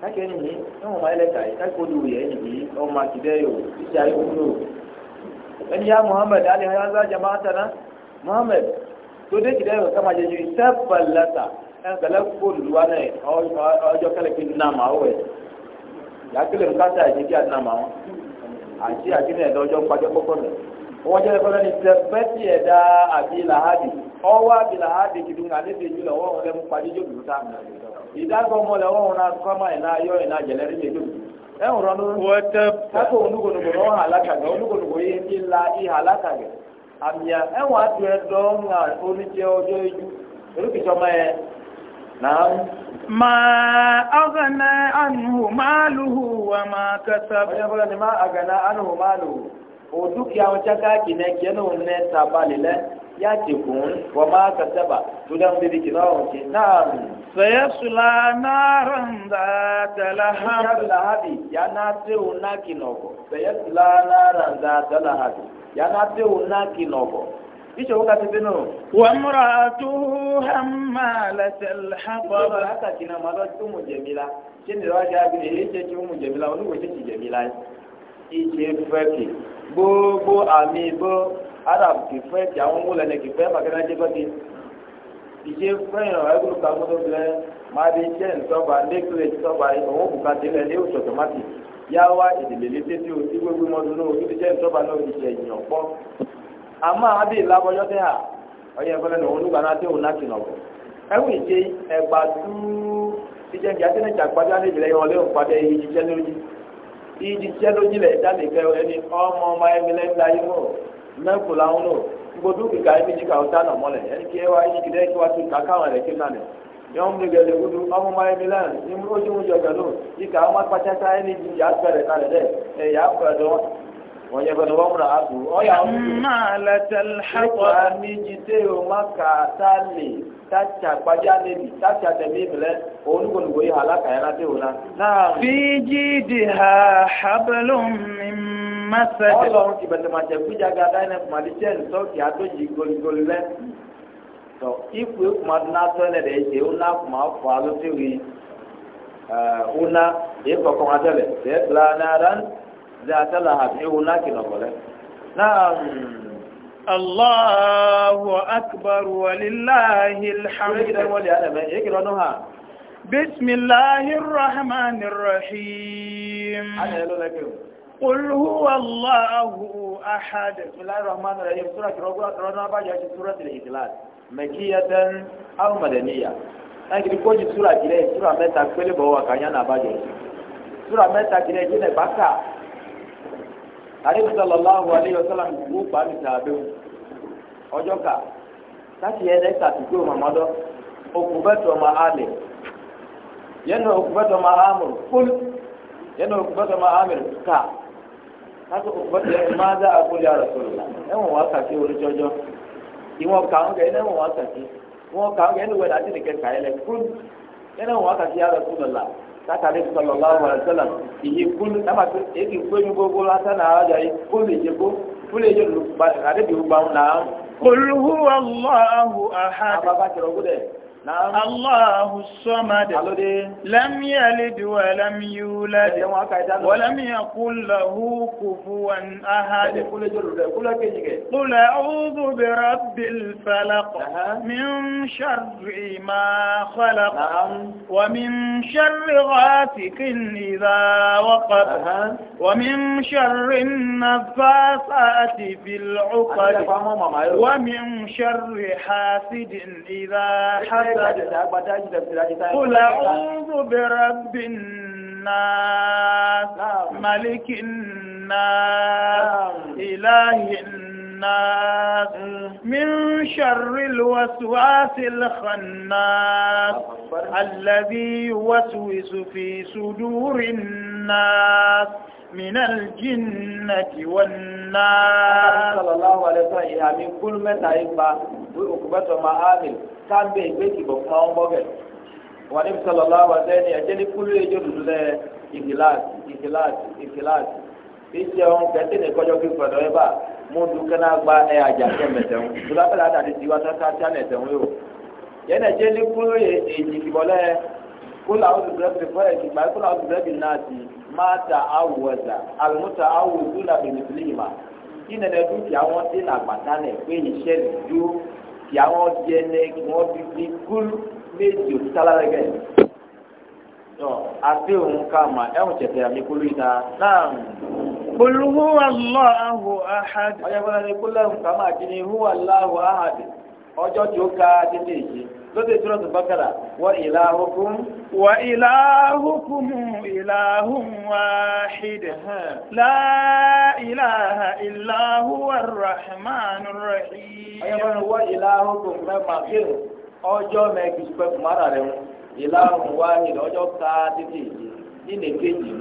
kake nìyí ẹ̀wọ̀n máa lẹ́ka yìí kake olùwì ẹ̀ nìyí ọmọ àtìdẹ́ yòó títí ayé wúlò ẹni yá muhammed ali hayanza jama atana muhammed tó dé kìdẹ́ yòó kama jẹjẹrẹ sẹ́pà lẹ́ta ẹ̀ ń kẹlẹ́ kó lùwà náà ọjọ́ kẹlẹ́ kí nà máa wẹ̀ yàtúlẹ̀ mú kásá ẹ̀jẹ̀ kí a nà máa wọn àti àti náà ẹ̀dọ́ ọjọ́ kpájọ́ kọ́kọ́ náà. wọ́n jẹ́ lẹ́kọ́ lẹ́ni tẹ́fẹ́tì ẹ̀dá àbí làhádì ọwọ́ àbí làhádì kìdú ní alẹ́ tẹ̀jú lọ wọ́n lẹ́mú padì jòbù tá ìdágbọ́n mọ́ lẹ́wọ́n wọn náà kọ́mà ìná yọ jẹ̀lẹ́ rí lè rọ́nú kákó ní la àmìyà o dukiya o caka kine kenu ne tabali le ya ti kun wa ma kasaba tudan bi bi kina o ti na'am sayasla naran da talahabi lahabi ya na te o na kinoko sayasla naran da talahabi ya na te o na kinoko iṣẹ́ òun kàti bínú. wà múra tó hàmà lẹ́sẹ̀lẹ̀ hàpọ̀. ìjọba látàkì náà máa lọ sí ọmọ jẹ̀mílá ṣé nìyẹn wájú abirin èyí ṣe kí ọmọ jẹ̀mílá oníwèé ṣe kì jẹ̀mílá yìí. ìṣe fẹ́ kì í. gbogbo àmì bó arab kì fẹ́ tí àwọn wúlẹ̀ ní kì fẹ́ màkàtà jẹ́ kọ́tì ìṣe fẹ́yàn Ma kan mọ́tò bilẹ̀ máa di jẹ́ nsọ́ba nẹ́kìlẹ̀ sọ́ba òun kò ká délẹ̀ ní oṣù tòmátì yá wá ìdílé o ti gbogbo nye náà ojú ti jẹ́ nsọ́ba náà ti ṣe èèyàn pọ́ àmọ́ àbí ìlàbọ̀yọ́ tẹ́ à ọyẹ fẹlẹ́ ní òun nígbà náà tẹ́ òun náà kìnnà bọ̀ ẹ̀wọ̀n ìṣe ẹ̀gbà tú ti jẹ́ kí iji tí ẹlò nyilẹ̀ ìdánìkẹ́ ẹni ọmọ ọmọ ẹni lẹ́nu ayé mọ́ mẹ́kù làwọn nò gbódú kìkà ẹni jìkà ọ̀tá nà mọ́lẹ̀ ẹni kí ẹ wá ẹni kìdẹ́ kí wá tó kàkà wọn rẹ̀ kí nà nẹ̀ yọ̀n mi gẹ̀lẹ̀ wúdu ọmọ ọmọ ẹni lẹ́nu ní mú ojú ọmọ ẹni tatsa kpadza nebi tatsa tẹmi bilẹ onugbonugbo yi halaka yẹn lati wona. fiji di ha hablum min masad. ọlọrun ti bẹtẹmàtẹ gbídzaga dáná kumadi jẹun sọọki atọji goligoli lẹ. tọ iku ekumadu n'atọ yẹn lẹ ẹsẹ ona kuma fọ Una, ona ekọkọ wọn atẹlẹ tẹ bila n'ara zatala hafi ona kinọkọ lẹ. naam. Allahu akbar walillahi alhamdulillah. Bismillahir rahmanir rahim. Qul huwa Allahu ahad. Bismillahir rahmanir rahim. Sura Rana ba ya ci suratul Ikhlas. Makiyatan aw madaniyya. Aki di koji sura kile sura mẹ́ta pele bo wa kanya na ba je. Sura mẹ́ta kile je ne baka àdébí sọlọ́láhùn àdébí ọ̀sọ́làm wú fàmì sàbẹ̀wò ọjọ́ ká láti yẹ ẹ̀dẹ́ sàtìgbò mọ̀mọ́dọ́ okùnbẹ́tọ̀ ma àmì yẹnu okùnbẹ́tọ̀ ma àmùrù fúl yẹnu okùnbẹ́tọ̀ ma àmì ká láti okùnbẹ́tọ̀ yẹn máa dá akúlẹ̀ àrà sọ̀rọ̀ ẹ̀wọ̀n wá kàkí oríṣọ́jọ́ ìwọ̀n kàńgẹ̀ ẹ̀wọ̀n wá kàkí ìwọ̀n kàńgẹ̀ ẹ̀nu wẹ̀ látàrí sọlọ́lá wàlẹ́sẹ̀lá ìyí kúlù tábàtú èyí kúlù gbogbo lásán náà ọjà yìí kúlù ìjẹ́kó kúlù ìjẹ́ lùgbà àdébìwò gbàùn náà. olùhùwà mọ́ àhù àhà. àbábá tẹ̀rọ̀ نعم. الله الصمد لم يلد ولم يولد نعم. ولم يقل له كفوا أحد قل أعوذ برب الفلق من شر ما خلق نعم. ومن شر غاسق إذا وقب ومن شر النفاسات في العقد ومن شر حاسد إذا إيه. حق قل أعوذ برب الناس ملك الناس إله الناس من شر الوسواس الخناس الذي يوسوس في صدور الناس من الجنة والناس صلى الله عليه وسلم يا من كل متى يبقى وعقبة معامل كان بي بيتي بكما ومبغل ونبي صلى الله عليه وسلم يجري كل يجر له إخلاص إخلاص إخلاص ìṣe ọ̀hún kẹ́tẹ́ ní kọjọ́ kí pẹ̀lú ẹ bá mú dúkẹ́ náà gba ẹ àjà kẹ́mẹ̀tẹ̀hún tùlábẹ́lá àdàdé tiwa sáká tí a nẹ̀tẹ̀hún yóò yẹn náà jẹ́ ní kúrò èjì ìbọ̀lẹ́ kó làwọn olùdókòwò fẹ́ ẹ̀jì gbà kó làwọn olùdókòwò náà ti ma ta'awwaza al-muta'awwizuna bi mithlihima ina na du kia wọn ti na gbata na pe iṣẹ du kia wọn jẹ ne kí wọn bi bi kúl méjì òtítàlá lẹgẹ tọ àti òun ká ma ẹhùn tẹtẹ àmì kúlú ìta náà. قل هو الله أحد. أيها الذين قل لهم كما أجني هو الله أحد. أجد يوكا تتيجي lóde sọ́rọ́tù bákàrà wọ́n ìlà hukum. wà ìlà hukum ìlà hum wáhid. la ilaha illa huwa rahman rahim. ọ̀yọ́ bá wọ́n ìlà hukum mẹ́fà kí ọjọ́ mẹ́kì pẹ́ kùmárà rẹ̀ wọn ìlà hum wáhid ọjọ́ ká títí ìdí nínú èkejì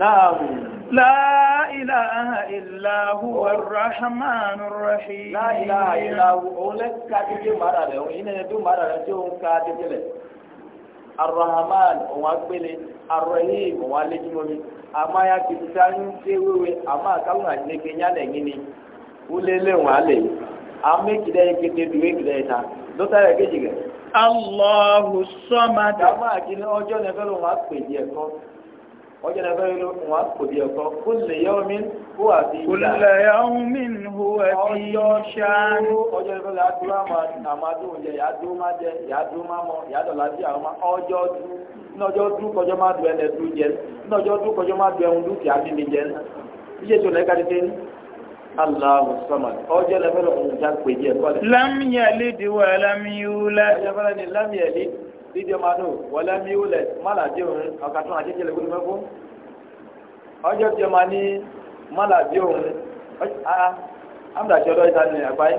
náà. لا إله إلا هو الرحمن الرحيم لا إله إلا هو أولك كاتب مرة له إن يدو مرة له كاتب الرحمن وأقبله الرحيم وألجمه àmọ́ ya kìí sáyé ihe ké wíwé àmọ́ àkàwọn وجد بيل وأكد يقول كل يوم هو في كل يوم هو في شان وجد بيل أدوى ما أمادو يادو ما جي يادو ما مو يادو لازي أما أجود نجود دو ما دو أن دو جل نجود دو كجو ما دو أن دو كي أبي مجل يجي تولي كارتين الله الصمد أجد بيل أمجد كوي جي لم يلد ولم يولد لم يلد idio manu wala miule mala jiun akatun aje jele gudu mefo ojo ti ma ni mala jiun a amda jodo itan ni agbai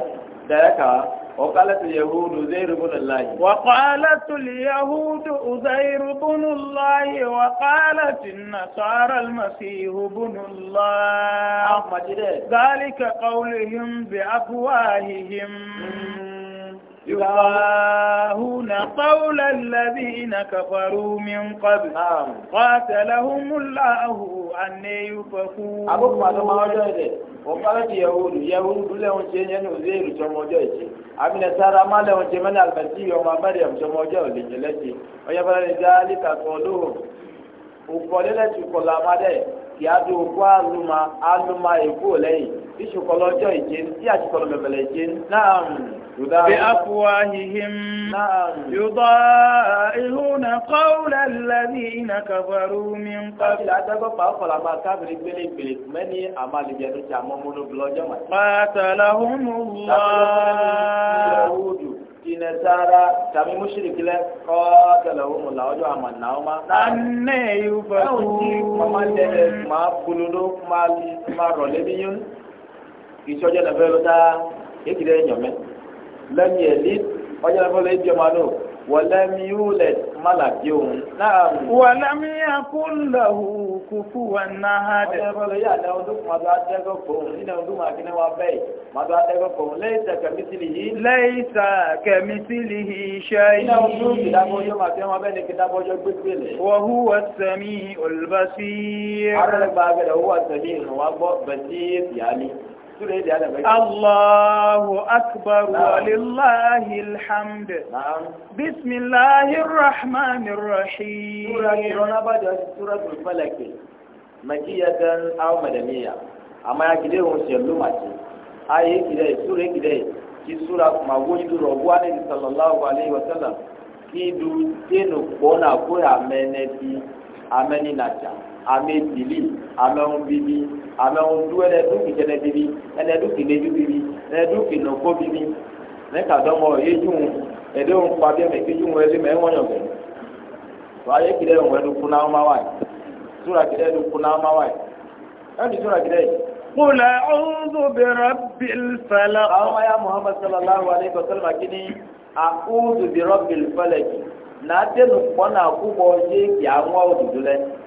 dayaka وقالت اليهود عزير بن الله وقالت اليهود عزير بن الله وقالت النصارى المسيح بن الله ذلك قولهم بأفواههم يراهون قول الذين كفروا من قبل قاتلهم الله أن يفكون أبوك ما تما وجهه وقالت يهود يهود لهم شيء ينزل ثم وجهه أمن سارة ما لهم شيء من المسيح وما مريم ثم وجهه لجلته ويقول ذلك قولهم لك قول ما ده يا دوكوا لما يقول لي ìṣòkòlọ́jọ́ ìjẹ́ tí àṣìkọlọ bẹ̀bẹ̀lẹ̀ ìjẹ́ náà yóò bí afuwahihim yóò ihuna kọ́ọ̀lá lẹ́bí iná kàfàrú mi ń kọ́. kábílì adágọ́ pàápàá làbá kábílì gbélé gbélé mẹ́ni àmàlìjẹ́ tó ti àmọ́ múnú blọ́jọ́ mọ́. pàtàlà húnmù wá. Ine tàbí mùsùlùmí lẹ kọ́ tẹlẹ òun làwọ́jọ́ àmà náà ma. Anẹ́ yóò fẹ́ kú. Báwo ni màmá dẹ̀ máa polówó máa rọ̀ lébi yín? kìsì ọjọ́ nàfẹ lọta ekele ẹnyọmẹ lẹmi ẹlí ọjọ́ nàfẹ lọ ebi ọmọ anọ wọlẹmi yúlẹ malabi òun náà. wọlẹmi akúndàwù kúkú wà náà dẹ. ọjọ́ nàfẹ lọ yà náà ọdún kùmà tó adẹ́gọ́ fòun nínú ọdún màkì náà wà bẹ́ẹ̀ màá tó adẹ́gọ́ fòun lẹ́yìn tẹ kẹmísìlì yìí. lẹ́yìn tẹ kẹmísìlì yìí ṣe yìí. nínú ọdún kìdàbọ̀jọ́ màkì náà wà bẹ́ẹ̀ ni kìdàbọ̀jọ́ gbégbélé. wọ́húwọ́ sẹ́mi olùbásí. arẹ́gbàgbẹ̀rẹ̀ wọ́wọ́ sẹ́mi ìrànwọ́ bọ́ bẹ́ẹ̀ sí yálí. الله أكبر نعم. ولله الحمد نعم. بسم الله الرحمن الرحيم سورة الفلك مكية أو مدنية أما كده ونسيلو ماتي آية كده سورة كده كي سورة ما وجد ربوان صلى الله عليه وسلم كي دو تنو بونا كوي أمنتي أمني ناتي ame dili amewo bibi amewo du ɛnɛ du ki tsɛnɛ bibi ɛnɛ du ki nedu bibi ɛnɛ du ki nɔkɔ bibi ne ka dɔn mɔ yedu ŋu ɛdi ŋu kpa bi ɛmɛ kedu ŋu ɛdi mɛ ɛwɔ nyɔgɛ wa ye ki ɖe ŋu ɛdu kuna ma wa sura ki ɖe ɛdu kuna ma wa ɛdi sura ki ɖe yi. قل أعوذ برب الفلق أو يا محمد صلى الله عليه وسلم كني أعوذ برب الفلق ناتن قنا كوبو جي كي أمو دولة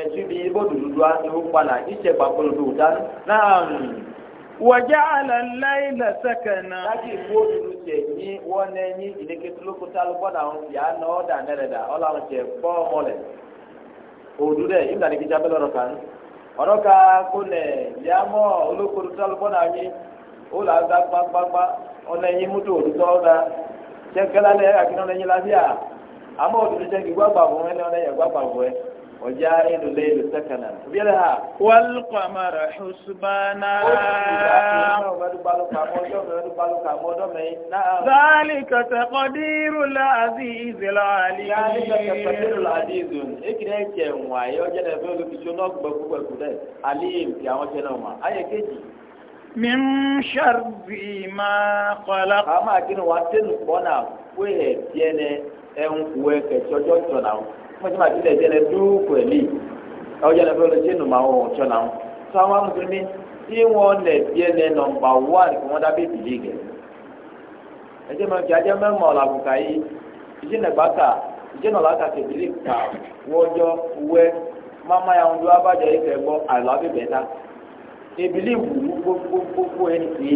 ẹtúbi bọdùdùdù àtiwò kpala ìṣe gbàgbọdùdù dání náà. wọ́jà àlàláyé lẹ́sẹ̀kẹ̀ náà. láti ìfowópamọ́ tẹ̀ ní wọ́n náà ní ìdíkẹ́tulókòtà lọ́gbọ́dà àwọn fìyà náà ọ̀dà nẹ́rẹ̀dà ọ̀làwọn tẹ̀ gbọ́ ọmọlẹ̀. òdu dẹ̀ ìgbà ní kíjà bẹ́lẹ̀ ọ̀rọ̀ kan. ọ̀rọ̀ ká kó nẹ̀ yàmọ́ olókòtà lọ́gbọ́dà yín ó là ń gbàgbàgbà ọ̀nà yín mútu òdu tọ́ ọ̀dà tẹ́kẹ́lá lẹ́ وجاعل الليل سكنا والقمر حسبانا ذلك تقدير العزيز العليم ذلك تقدير العزيز ikiri ẹkẹ wọn ayé ọjọ náà fẹẹ olùfisọ náà gbẹgbẹgbẹgbẹ dẹ alim ti àwọn ṣẹ náà wọn ayé kejì. min ṣarbi ma kọlá. a máa kí ni wàá tẹnu pọ́nà fún ẹ̀ tiẹ̀ ní ẹ̀ ń kú ẹ̀ kẹ̀ ṣọjọ́ tọ̀ náà. mọ́júmọ́ àti na ìjẹ́lẹ̀ dúkù ẹ̀lì ọjọ́ ẹ̀lẹ́ fẹ́ẹ́ ṣe nùmọ̀ àwọn ọ̀ṣọ́ náà tó àwọn mùsùlùmí tí wọ́n lẹ̀ díẹ̀ lẹ̀ nọmba wán kí wọ́n dábẹ́ gẹ̀. kí làbùkà yìí nàgbàkà kà wọ́jọ́ wẹ́ yà abájọ gbọ́ àlọ́ abẹ́bẹ̀ ta. wù ẹni í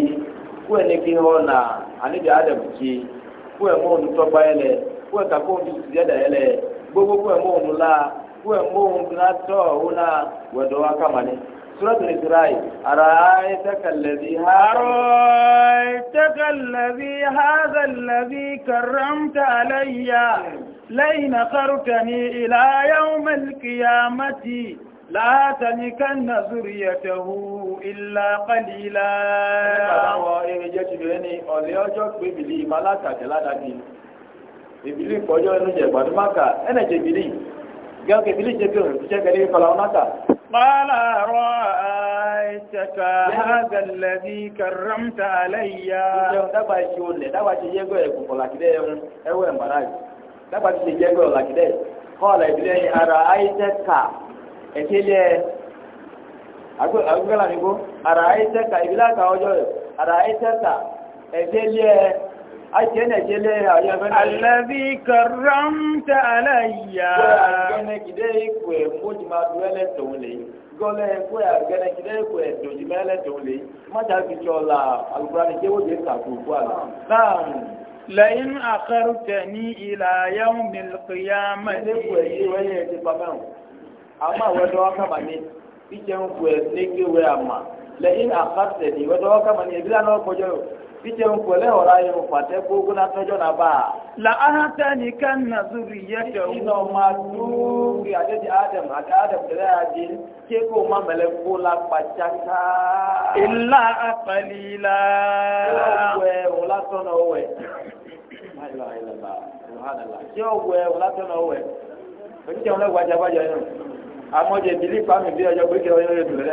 kú ẹ̀ gbogbo kó ẹ̀ mọ́ òun la kó ẹ̀ mọ́ òun la tọ́ òun la wẹ̀dọ̀ wa kama ni. سورة الإسراء أرأيتك الذي أرأيتك الذي هذا الذي كرمت علي لئن خرتني إلى يوم القيامة لا تنكن ذريته إلا قليلا ibili kɔjɔ ɛnu jɛ gbani ka ɛnɛ jɛ bili gawo ke bili jɛ kewu tijɛ kɛlɛ fala e ka. kpala rɔ ayetaka agalɛbi karamta aleya. tijɛ dagba etsi o lɛ dagba etsi yɛgɔ yɛ kɔkɔ lakidɛ yɛ ŋu ɛwɔ yi dagba etsi yɛgɔ yɛ lakidɛ kɔɔla ibili yɛ ara ayetaka ɛkɛlɛ agbɛlanigo ara ayetaka ibili aka ɔjɔ ara ayetaka ɛkɛlɛ. أجل جل يا بني الذي كرمت علي أنا كديك ومجمع دولة تولي قال كوي أنا كديك ودجمع تولي ما تعرف شو الله القرآن جوه جيسا كوكوال نعم لئن أخرتني إلى يوم القيامة أما ودوك مني بيجي هو لكي ويا ما lẹ́yìn àpàtẹ ní wẹdọ ọkà mọ ní ebi lánà ọkọjọ yòó fíjẹ ń ọrụ lẹ ọrọ ayé gbogbo náà tọjọ náà bá a. la ahata ni ká nà zuri yẹ kẹ wú. iná máa dúró adam àti adam ké kó má kó la ìlà la. òun òun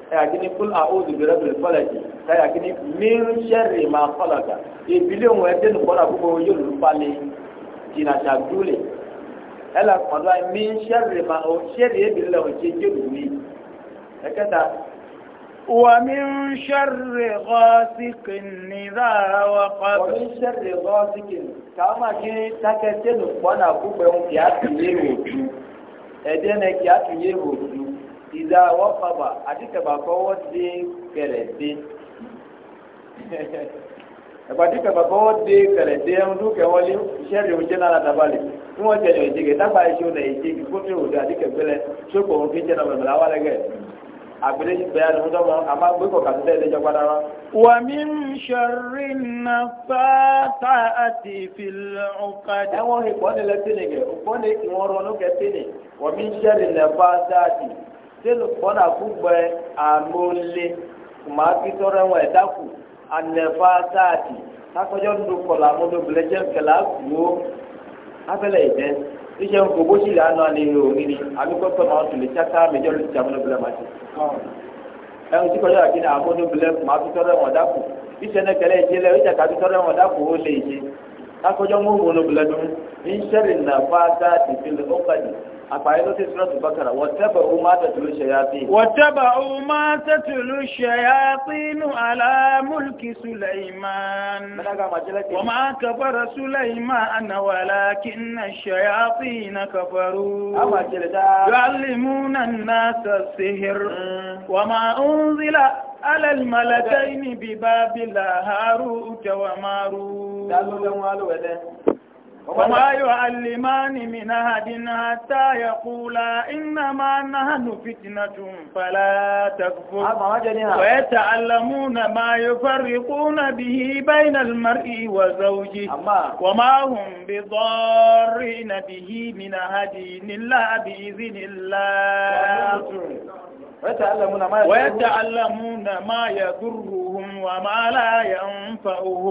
ayakini kul a'udhu bi rabbil falaq ayakini min sharri ma falaq ibile won e den ko la ko yo lu pale jina ta dule ela ko do min sharri ma o sharri ibile o je je ni ekata wa min sharri ghasiqin idha waqab wa min sharri ghasiqin kama ki takete lu ko na ku be un ya ti ye oju ede ne ki atu ye ìdá wọ́pàbà àdìkàbà kọ́wọ́ dé kẹrẹ̀dé ẹ̀gbàdìkàbà kọ́wọ́ dé kẹrẹ̀dé ẹ̀hún dúkẹ́ wọ́n lé iṣẹ́ rẹ̀ oúnjẹ náà dábàlẹ̀ tí wọ́n jẹ̀yọ̀ ìjẹ́gẹ̀ dábà iṣẹ́ ọ̀nà ìjẹ́gẹ̀ fún mi ò dé àdìkàbẹ̀lẹ̀ sókò òun fi jẹ́ nà mẹ̀mẹ̀lá wà lẹ́gẹ̀ àgbélé bẹ́ẹ̀ ni wọ́n dọ́mọ àmọ́ gbẹ́kọ̀ kàtúndẹ̀ ẹ̀dẹ́jọ́ padà rán. wà mí ń ṣeré na fáta àti ìfìlẹ̀ ọ̀kadà. ẹ̀wọ̀n ìpọ́nilẹ̀ tẹ́nìkẹ̀ ìpọ́nilẹ̀ ìwọ̀n rọ̀nù kẹ́ tẹ́nì wà mí ń ṣeré na fáta àti ìfìlẹ̀ ọ̀kadà. telo kpɔna kugbɛ amole kuma kitɔ ɖe ɛdaku anɛfa saati kakɔdzɔ nu kɔla kɛlɛ akuwo gbogbo la nɔ ani ni kɔtɔ ma tuli tsaka mɛjɔ lu ti amúnú bilẹ ma ti ɛnu tí kɔjɔ yàtí ni amúnú kitɔ ɖe ŋu ɛdaku iṣẹ ne kɛlɛ ɖe ɛdaku wo le kakɔdzɔ nu àpàyẹ́lọ́ sí sọ́rọ̀ tùbákàrà wọ́tẹ́bà ó máa tẹ̀tùlú ṣẹ̀yàtí wọ́tẹ́bà ó máa tẹ̀tùlú ṣẹ̀yàtí inú aláàmúlùkì suleiman wọ́n máa kàfàrà suleiman anáwàlá kí nà ṣẹ̀yàtí وما يعلمان من أحد حتى يقولا إنما نحن فتنة فلا تكفر ويتعلمون ما يفرقون به بين المرء وزوجه وما هم بضارين به من أحد إلا بإذن الله ويتعلمون ما يضرهم وما لا ينفعهم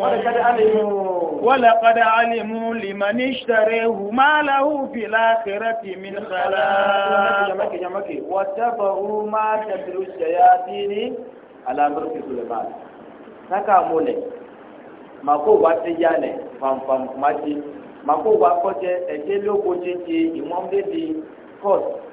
ولقد علموا لمن اشتريه ما له في الآخرة من خلاق واتبعوا ما تتلو الشياطين على ملك سليمان saka mole mako wa tejane fam fam mati mako wa koje eje loko jeje imom dedi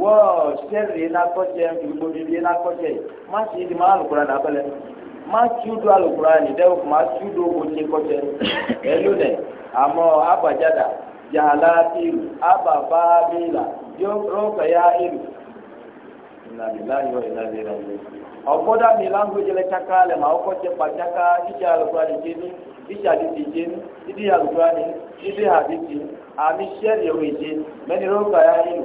wọ́ọ̀ sẹ́rì nakọ́jẹ́ ìgbòdìdì nakọ́jẹ́ má ti di má alùpùpù náà abẹ́lẹ́ má tí ó do alùpùpù náà nìdẹ́ òkú má tí ó do oṣù kọ́jẹ́ ẹ̀lú nẹ̀ àmọ́ abàjáda yàrá ìlú abàbá bílà yóò rọ́ọ̀kẹ́ yá ìlú ọgbọ́dá mi language lẹ tsaka lẹ ma ọkọ tẹ pa tsaka títí alùpùpù àti jẹni títí àdìsí jẹni títí alùpùpù àti títí àdìsí àmì sẹ́ẹ̀lì òwe jẹ mẹ́ni rọ́ọ̀kẹ́ yá ìlú.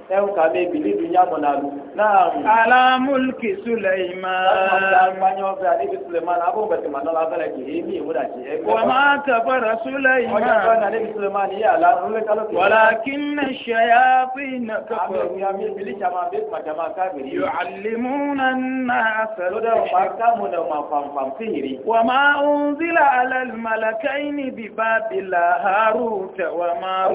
ẹ̀hùn kàmé bìlíbi yàmùnàlù náà. alámúlùkì suleiman. láti ọ̀fẹ́ àdébí suleiman abóńgbẹ̀tìmọ̀ náà lábẹ́rẹ̀ kì í ní ìmúdà jì ẹ́. wọ́n máa kàfàrà suleiman. ọjọ́ ìfẹ́ àdébí bábìlà haruta wà máa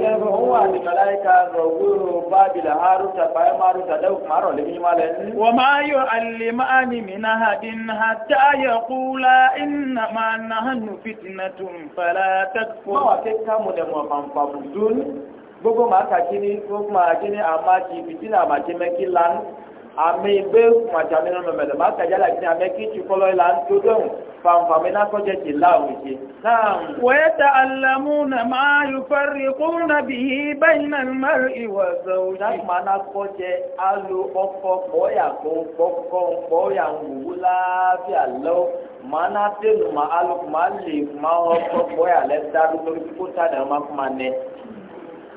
maruta baya maruta da maro le mi male wa ma yu'allimani min ahadin hatta yaqula inna ma nahnu fitnatun fala takfur wa ketta mu da mu fam fam dun gogo ma ka kini ko ma kini amma ki fitina ma ki lan ame be kumadzami nɔ mɛmɛ lɛmɛ akadza la kini ame kitsi kɔlɔ la ŋutu do ŋu fanfami nakɔdze ti la ŋu tse naam. wɛta alamu na maa yu fari kun na bihi bayi na mari iwa zɔn. nakuma nakɔdze alu ɔkɔ kpɔya ko kpɔkɔ kpɔya ŋuwu laafiya lɛ o mana tenu ma alu kuma le kuma ɔkɔ kpɔya lɛ da do tori kuta na ma kuma nɛ.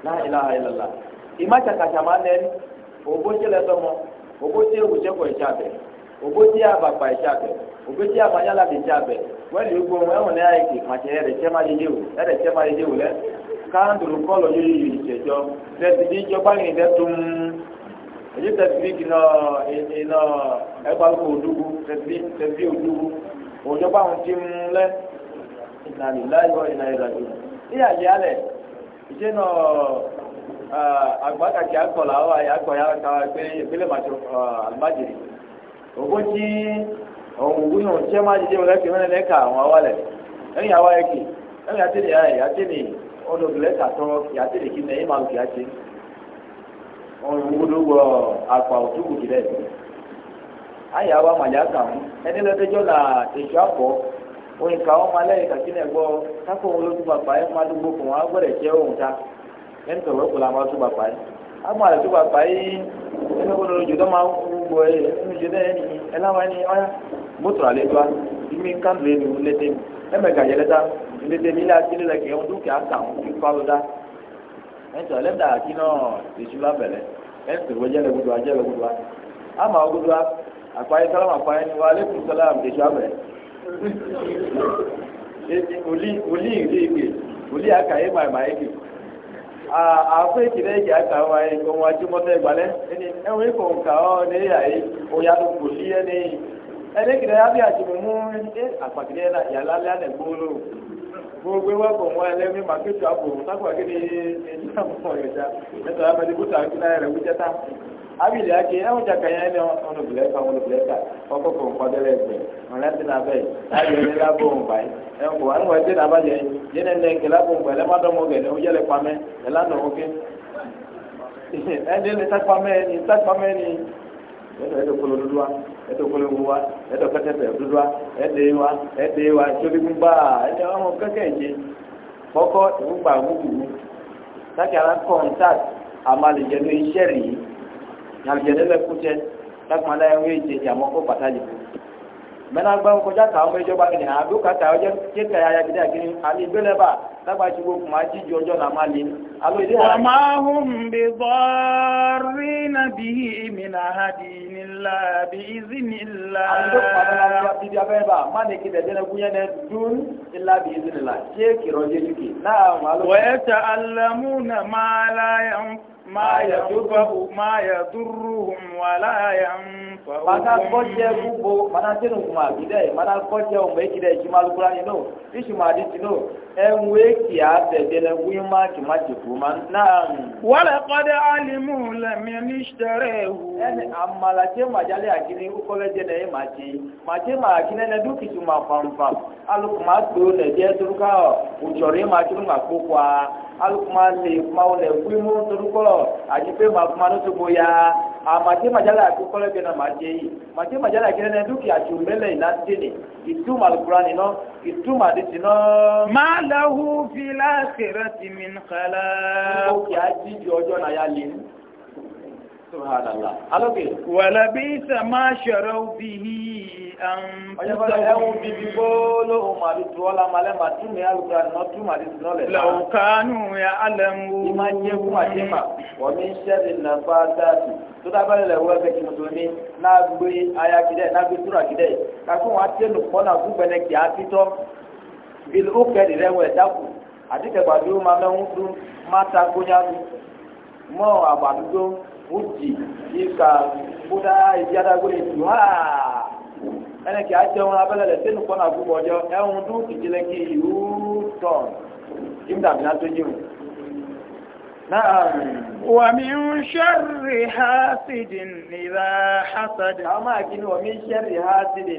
la ilaha illallah. ima tsakatsama nɛ o bo tse lɛ dɔmɔ. ogboti ewuchekwa ichabe ogboti abakpa ichabe ogboti abanyalabi ichabe wẹ́ẹ̀lì ugbo ẹ̀wọ̀n náà yẹ kì màtí ẹ̀rẹ̀tsẹ́ máa yéye wò ẹ̀rẹ̀tsẹ́ máa yéye wò lẹ́ kándùrú kọ́lọ̀ yóò yìí ìṣẹ̀jọ́ tẹ̀sídì ìjọba yìí dẹ́ èyí tẹ̀sídì kì nọ tẹ̀sídì òjọba ti mú lẹ́ Ah, agbákàtí akọ̀là wa ya kàwá ìpínlẹ̀ màtó alimajiri ògùn tí òun ògùn yòó tí ẹ máa ka àwọn ah, awa lẹ ẹyìn awa yẹ kì ati àti nìyà yẹ àti nì ọdọgìlẹ kàtọ yẹ àti nì kí nìyẹn máa kì á ti òun ògùn awa màlẹ àkà wọn ẹni na là èso àpọ òun kà wọn malẹ kàkínẹ gbọ kákó wọn ló tún ta. ẹni tọ̀lọ́ kò la máa tó bàbá yìí àmọ́ àlẹ́ tó bàbá yìí ẹni kò lọ́jọ́ tó máa ń kú gbọ́ ẹ ẹni jẹ́ náà ẹni ẹláwa ẹni ọ̀yá mọ́tò àlẹ́ tó a ìmí kándù ẹni lédè mi ẹmẹ gàdjẹ́ lẹ́ta lédè mi láti lé lẹ́kẹ̀ ẹ̀hún dúkìá kàn kí kọ́ ló dá ẹni tọ̀ lẹ́ta àti náà èṣù lábẹ̀lẹ̀ ẹni tọ̀ wọ́jẹ́ lẹ́gbọ̀dọ̀ àjẹ́ lẹ́gbọ̀dọ̀ àmà ọgbọ̀dọ̀ àkpáyé sálámà àkpáyé ni wàá lẹ́kùn sálámà èṣù àbẹ̀ òlì òlì ìlú ìgbè òlì àkàyé màmá ìgbè. àfẹ́ ìkìlẹ̀ ìjà kàwá yìí kò wọ́n ajímọ́tẹ́ ìgbàlẹ́ ẹni ẹ̀wọ̀n ikọ̀ nǹka ọ́ ní na yìí òyà tó kò sí ẹni ẹni kìlẹ̀ abẹ́ àjùmọ̀ mú ẹ àpàkìlẹ̀ yàrá lẹ́ àná gbóòlò gbogbo wa kò mọ ẹlẹ́mí màkìtì àbò sápàkìlẹ̀ ẹ̀jẹ̀ àmọ́ ọ̀yọ̀já ẹ̀tọ́ abili ake ẹwọn jaka yẹn ẹni ọnu bilẹta ọnu bilẹta ọkọ kò nkọdọ lẹ gbẹ n'abẹ yìí ayọ ẹni l'abọ nba yìí ẹnko ẹnko ẹti n'aba yẹ yẹn ẹni lẹ nkẹlẹ abọ nba yẹ lẹba dọmọ gẹ ẹni ọjẹ lẹ kpamẹ ẹla nọ oke ẹni lẹ sakpamẹ ẹni sakpamẹ ẹni ẹdọ ẹdọ kolo dudu wa ɛtò kolo wa ɛtò kɛtɛtɛ dudu wa wa wa gbogbo nyalidze lɛ kutsɛ lakuma la yɛ wei dze dza mɔ kɔ pata li mɛna gba ŋkɔdza ta wɔn mɛdzɔ ba kini ado kata ɔdze tse ta ya yabi dagini ali do lɛ ba lakpa tsi ko kuma dzi dzo ɔdzɔ na li alo ɛdi yɛ. wàmà hum bi bọ́ọ̀rì na bihi mina hadi nila bi izi nila. alo kpata la ya bibi abɛ ba ma ne ki dɛdɛ kunyɛ nɛ dun ila bi izi nila tse kirɔ dze duki. wɛɛ ta alamu na maa la yan ma ya durruhum wala yanfa'uhum mana koje kubo mana tinu kuma bide mana koje o me kide ki mal qur'ani no ishi ma di no enwe ki a be de le wi ma ki ma ti ku man na wala qad alimu lam yanishtarehu ene amala che ma jale akini u ko je ne ma ti ma che ma akini ne du ki tu ma fam fam alu kuma do ne je tu ka u jori ma ti ma ko kwa alu kuma le ma o le wi mo tu ko àti pé màá fún ma lóṣù bó ya àmàdé màjálà àti kọ́lẹ́bí náà màá jẹ́ yìí màdé màjálà kí nínú dúkìá tó mẹ́lẹ̀ iná ni ìtumọ̀ alukura nínú ìtumọ̀ àdìsí náà. má lọ́hùn fi láṣẹ̀rẹ̀ tì nìkan lá. ó kì á jíjù ọjọ́ náà yá lé wàlábí sàmá ṣọ̀rọ̀ bihi lọ́kànù ya alẹ́mú. ìmá jẹ́ fún àjẹ́mà wọ́n mi ń ṣẹ́rin náà bá dáàbì tó dábàlẹ̀ lẹ̀ wọ́n fẹ́ kí wọn pọ́nà fún àti kẹgbàdúró mọ́ buji ika kuda ijada gure tuha ene ki aje won abele le tenu kona gubo ojo ehun du kijile ki uton imda bina toji mu نعم ومن شر حاسد إذا حسد أما أكين ومن شر حاسد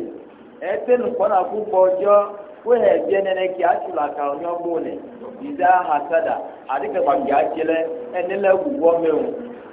أتن كنا كوبوجو وهي جننك أشلا كونيو بوني إذا حسد أديك بقى أشلا أن لا غومه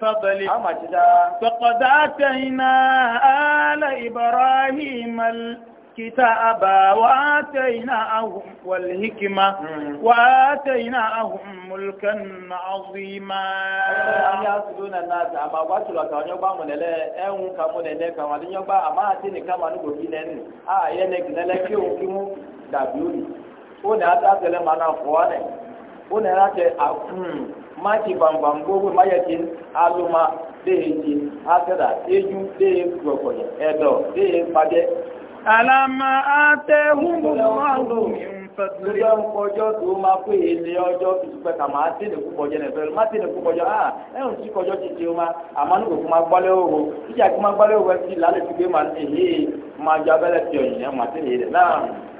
فضلك فقد آتينا آل إبراهيم الكتاب وآتيناهم والحكمة وآتيناهم ملكا عظيما يسجدون الناس أما قاتلوا كانوا يبقى من لا أهم كانوا لا كانوا يبقى أما أتيني كانوا نبغينن آه ينك نلقيه كيمو دابيوني ó ní àtàtẹ̀lẹ́ máa náà fọ́ ọ́ maki gbamgbam gbogbo mayakin aluma dee ji aseda eju dee gbọkọnyẹ ẹdọ dee padẹ. alama ate humulawo lójó ń kọjọ́ tó máa pé ilé ọjọ́ tuntun pẹ́ kà máa tẹ̀lé kú kọjọ́ nẹ̀fẹ́ ló máa tẹ̀lé kú kọjọ́ ah ẹ̀rùn tí ti ma àmọ́ ní kò kó máa gbálẹ̀ òwò ìjà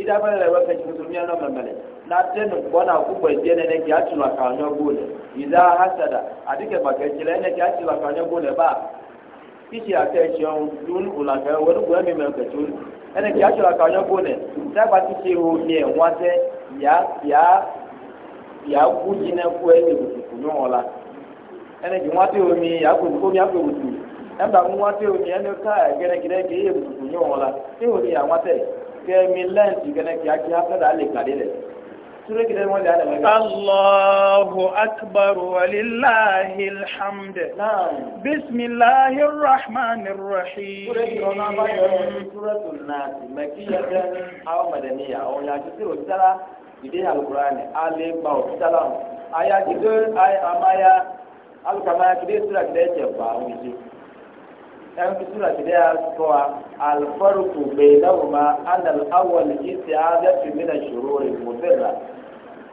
ida mele le weke tsutumia no memele na tenu bona kubwa jene ne ki atu la kanyo bule ida hasada adike bakechile ne ki atu la kanyo bule ba kichi ake chon dun ula ka woru gwe mi me tun ene ki atu la kanyo bule ta ba kichi hu ni ya ya ya kujine kwe ni no ola ene ya kutukunyo ń wá tí ẹni ká ẹgẹrẹgẹrẹ kì í ola tí ya kẹmi lẹ́ǹtì gẹ́nẹ́ kí akí afẹ́rẹ́ alẹ́ kàdé rẹ̀ túrẹ́ kí wọn lè alẹ́ mẹ́ta. aláhu akbar walilahi alhamdu bisimilahi rahman rahim. túrẹ́ kí wọn bá yọ túrẹ́ tó nàásì mẹ́kí yẹ fẹ́ àwọn mẹ̀dẹ̀níyà àwọn yàtí tí òtítà la ìdí àlùkùrá ni alẹ́ gba òtítà la ayé àti tó amáyá alùkàmáyá kìdé sùrà kìdé jẹ̀ bá àwọn ìdí yan sura ta da cewa alfarku bai dauma an al'awal istiaza fi min ashururi mutirra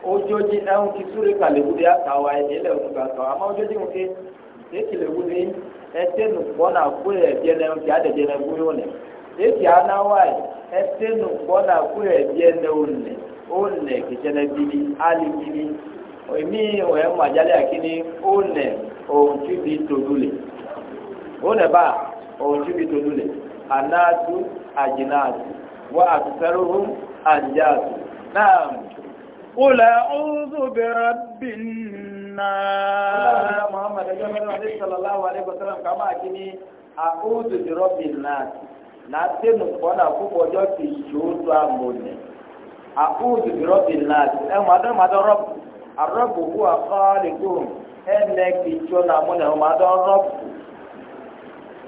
ojoji yan ki sura ka le gudu ya kawa ya le ku ka kawa amma ojoji mu ke e ki le gudu e te nu bona ku e je le ki ade je le gudu ne e ki ana wa e te nu bona ku e je le ne o ne ki je le bibi ali bibi èmi ò ẹ̀ mọ̀ àjálẹ̀ àkíní ó nẹ̀ ohun tí bí tòlú lè ó nẹ̀ bá ojubi tolule anatu ajinatu wa aksaruhum anjatu naam قل أعوذ برب الناس محمد صلى الله عليه وسلم كما أكني أعوذ برب الناس ناتي نقونا فوق وجوتي شوز واموني أعوذ برب الناس أه ماذا ماذا رب الرب هو خالقهم أنك تشونا مونه ماذا رب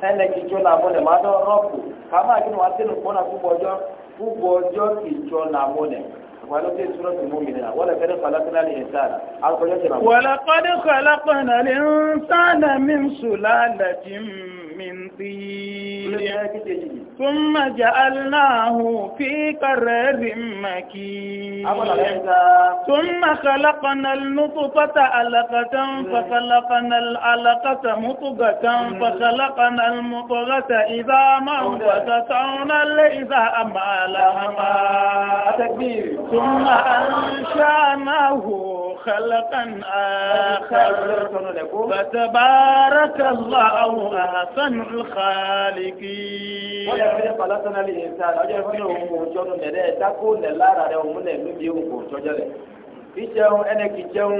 ene kitso na mo ne ma dɔ rɔpu kama kini wa tenu kpɔna gbɔdzɔ gbɔdzɔ kitso na mo ne wàlú tí sọ́rọ́ ti mú mi nira wọ́n lè fẹ́ ní ìsáàlà alukọ́jọ́ ti ma. wàlá kọ́dé kọ́lá kọ́lá ní ìsáàlà mi sùn lálẹ́ jì من طين ثم جعلناه في قرار مكين ثم خلقنا النطفة علقة فخلقنا العلقة مطغة فخلقنا المطغة إذا ما وفتحنا إذا أما لهما ثم أنشأناه خلقا آخر فتبارك الله أحسن ahsanu al-khaliqin. wọ́n yẹ fún palasana lè yẹn sáà lọ́jọ́ ìfún yóò kò jọ́nu lẹ́dẹ́ ẹ̀dá kó lẹ̀ lára rẹ̀ òun lẹ̀ ló yẹ kò jọjọ́ lẹ̀. kì í jẹun ẹnẹ kì í jẹun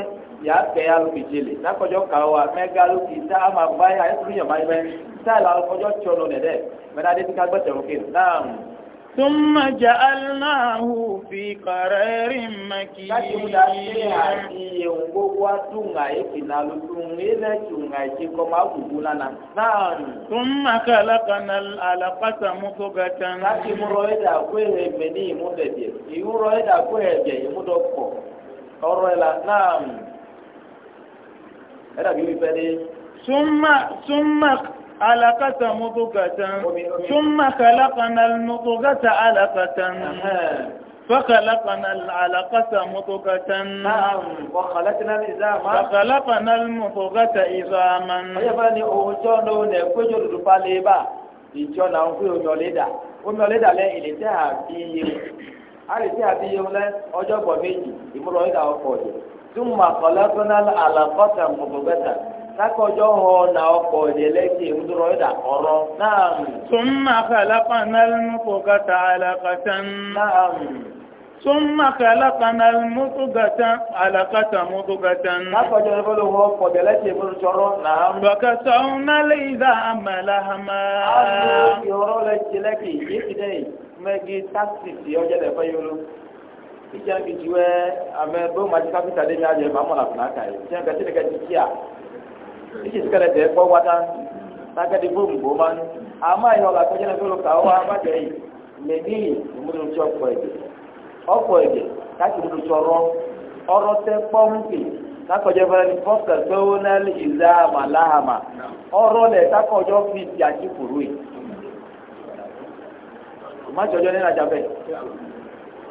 yà á kẹ́ alùpìjì lè n'akọ̀jọ́ kà wà mẹ́gà lùkì tá a máa báyà ẹ̀kúrú yàn máa yẹ ثم جعلناه في قرار مكين ثم خلقنا العلقة مضغة ọ̀rọ̀ ẹ̀là náà ẹ̀dàbí wípé ní. súnmọ́ súnmọ́ علقة مضغة ثم خلقنا المضغة علقة فخلقنا العلقة مضغة نعم وخلقنا العظام فخلقنا المضغة عظاما يبني أوجونو نكوجو رفاليبا ìjọna ń pè omi ọ̀lẹ́dà omi ọ̀lẹ́dà lẹ ilé tí a fi iye alẹ́ tí a fi iye lẹ ọjọ́ bọ̀ méjì ìmúlọ̀ ọ̀lẹ́dà ọkọ̀ ọ̀dẹ̀ túmọ̀ àkọlẹ́kọ́nà àlàkọ́tà kakɔjɔ xɔ na ɔkɔ yɛlɛ ke ŋdɔrɔ yi da kɔrɔ naam. summa khalaqana al-nutfata alaqatan. naam. ثم خلقنا المضغة علقة مضغة فكسونا العظام لهما ìjẹ́ àgbèjì wẹ́ amẹ́ bó ma ti kápítà lé ní ajẹ́ ìbámu làkùnrin àkàyè ìjẹ́ àgbẹ̀tí lè kẹ́ ti kíá ishi sikara tɛ kpɔ wa tan saka di bom bo man ama yi ɔga kɔjɛ na tolo ka wa ama tɛ yi mɛdi munu tsɔ kɔ ɛdi ɔkɔ ɛdi kati munu tsɔ rɔ ɔrɔ tɛ kpɔmpi kakɔjɛ fɛnɛ ni fɔkɛ gbɛwo n'ali iza ama lahama ɔrɔ fi ti ati kuru yi o ma tsɔjɔ ne na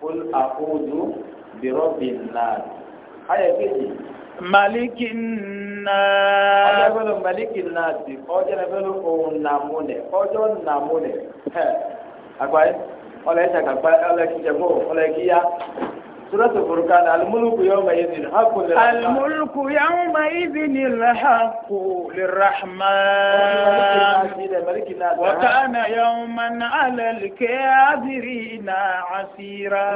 kul àkójọ bìrọ̀bì náà. ayọ̀ kejì. maliki náà. ọjọ́ ìfẹ́lẹ́ maliki náà ti ọjọ́ ìfẹ́lẹ́ òun nàmúlẹ̀ ọjọ́ nàmúlẹ̀. àgbáyé ya ṣàkàgbá سورة الفرقان الملك يومئذ الحق للرحمن الملك يومئذ الحق للرحمن وكان يوما على الكافرين عسيرا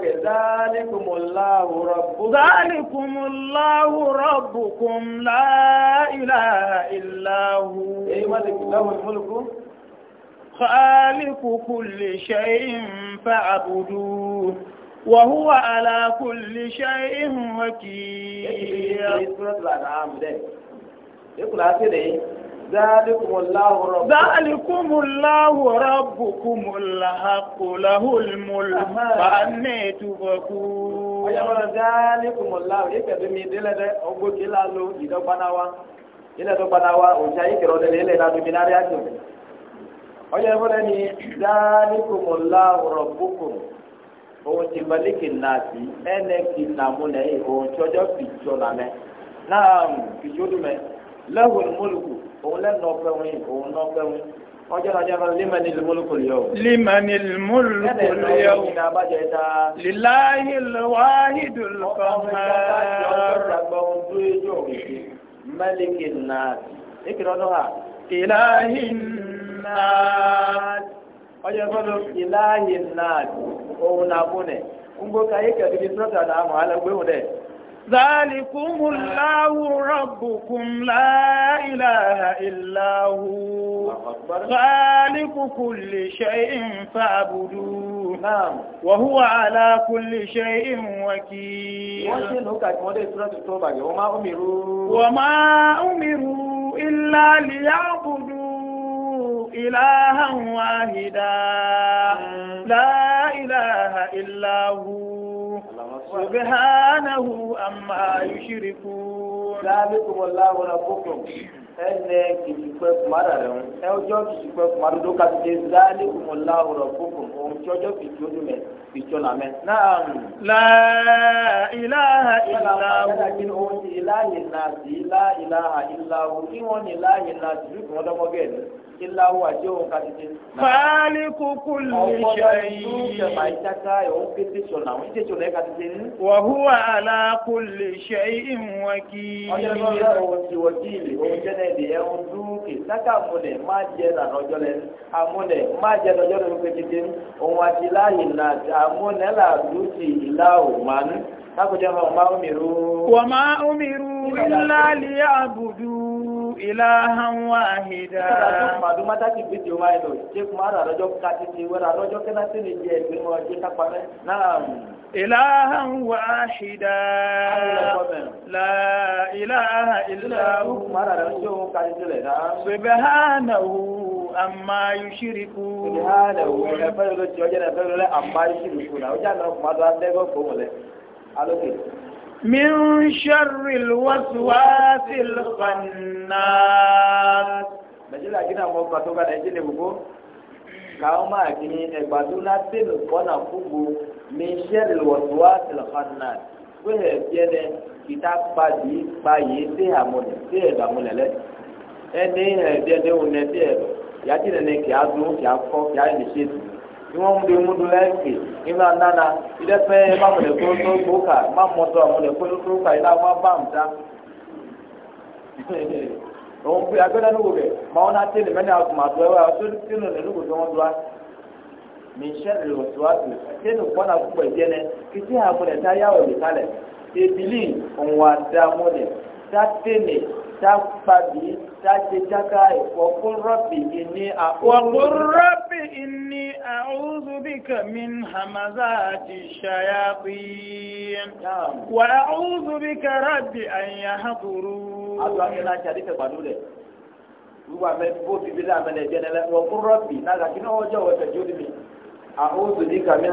ذلكم الله ربكم ذلكم الله ربكم لا إله إلا هو إيه له الملك خالق كل شيء فاعبدوه وهو على كل شيء وكيل ذلكم الله ربكم ذلكم الله ربكم الحق له الملك فأني تفكون ذلكم الله يكبمي دلد أبوك إلى لو إذا بناوا إلى لو بناوا وشاي كرود إلى لو بناريا أجل فلني ذلكم الله ربكم òun ti mẹ́líkì nàbí ẹnẹ́kì nàmúnẹ́ òun òun limani lilahi ilahi ọjọ́ gbọ́dọ̀ ìláyè náà òun náà kú nẹ̀ ń gbó káyé kẹ̀kẹ́ sọ́tà náà mọ̀ alágbéhùn dẹ̀. ذلكم الله ربكم لا إله إلا هو خالق كل شيء فاعبدوه نعم وهو على كل شيء وكيل وما أمروا إلا ليعبدوا إلها واحدا لا إله إلا هو سبحانه أما يشركون ذلكم الله ربكم ẹnẹ kìsìpẹ kumara rẹ ń ẹjọ kìsìpẹ kumara ló ka ṣe záálí kùmọlá ọrọ fúnfún òun tí ọjọ fìtí ojú mẹ fìtí ọ̀nà mẹ. náà la ilaha illahu. ẹnlá kí ni òun ti ilahi nàásì ilahi ilaha illahu kí ni illa huwa jiwo katije maliku kulli shay'in maisha kayo ukiti chona ukiti chona katije wa huwa ala kulli shay'in wakil oyo ti wakili o jene de e unduki saka mune maje na rojole amune maje na rojole ukiti o ati la ina amune la duti ila man tako jama ma umiru wa ma umiru illa liya'budu ilahan wahida madu mata ki bi jo mai do je kumara rojo kati ti wera rojo kena ti ni je bi mo je takwa me naam ilahan wahida la ilaha illa hu kumara rojo kati ti le na subhanahu amma yushriku subhanahu e fa rojo je na fa le amma yushriku na o ja na kumara de من شر الوسواس الخناس nàìjíríà kí náà mọ ọgbà tó ká nàìjíríà gbogbo káwọn máa kí ni ẹgbà tó láti lè kọ́nà fúgbò ní sẹ́ẹ̀lì wọ̀túwá tìlọ̀kànnà pé ẹ̀fíẹ́ dẹ kìtà pàdé pààyè sí àmọ̀lẹ̀ sí ẹ̀dọ̀ àmọ̀lẹ̀ lẹ́sẹ̀ ẹni ẹ̀fíẹ́ dẹ òun ẹ̀fíẹ́ yàtí nìyẹn kì á dún kì á kọ́ kì á lè ṣètò ìwọ́n ń de múdu lẹ́ẹ̀kì ìmọ̀ nana ìdẹ́pẹ́ mamọ̀lẹ̀ kó tó gbóka mamọ̀tọ̀ àmọ̀lẹ̀ kó tó gbóka ìlà wọn bá ń ta. òun fi agbẹ́dẹ́ níwò rẹ̀ máa ń tẹ̀lé mẹ́ni àtùmọ̀tò ẹ̀wọ̀ àti sínú nílùú tó wọ́n dúró. mi ń to lè wọ̀tí wáṣọ sínú kọ́nà púpọ̀ ìjẹ́nẹ kí tí àmọ̀lẹ̀ tá yà òrì kalẹ̀ ebili òun wà dá mọ́lẹ̀ tá tẹ̀lé tápàdé tájẹjáká ẹ̀kọ́ fún rọ́bì ìní àwọn rọ́bì ìní àúzùbíkà min hamaza àti ṣayápí wà àúzùbíkà rọ́bì àyà hàbùrú wíwá mẹ bó bíbí lé àmẹlẹ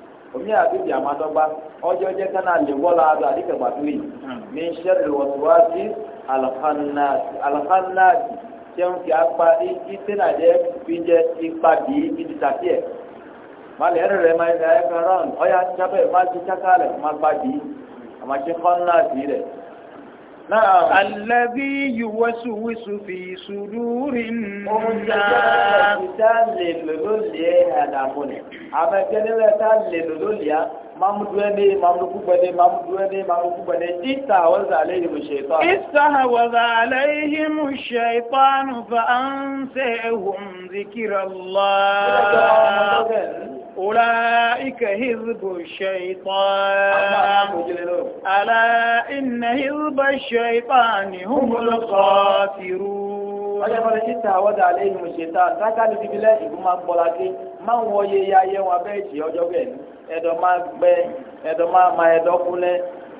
omi àbíbi àmàdọ́gba ọjọ́ jẹ́ kánà lè wọ́lá adọ́ àdìkẹ̀gbà fìlì ní sẹ́rẹ̀ wọ̀tíwájú alhannaati jẹun kí a pa ìtẹ́nàjẹ́ hmm. fi jẹ́ ipa bí ibi tàbí ẹ̀ malẹ̀ ẹ̀rọ rẹ̀ máa ń ra ẹ̀fẹ̀ rán ọ̀yà jábẹ̀ máa ti sákàlẹ̀ نعم الذي يوسوس في صدور الناس الشيطان استهوذ عليهم الشيطان فأنسيهم ذكر الله نعم. أولئك حزب الشيطان ألا إن حزب الشيطان هم الخاسرون ọjọ́ fọ́lẹ̀ títà ti bílẹ̀ ìgbìmọ̀ àpọ̀láké máa ń wọ yeye ayé wọn abẹ́ ìjì ọjọ́ bẹ́ẹ̀ ẹ̀dọ̀ máa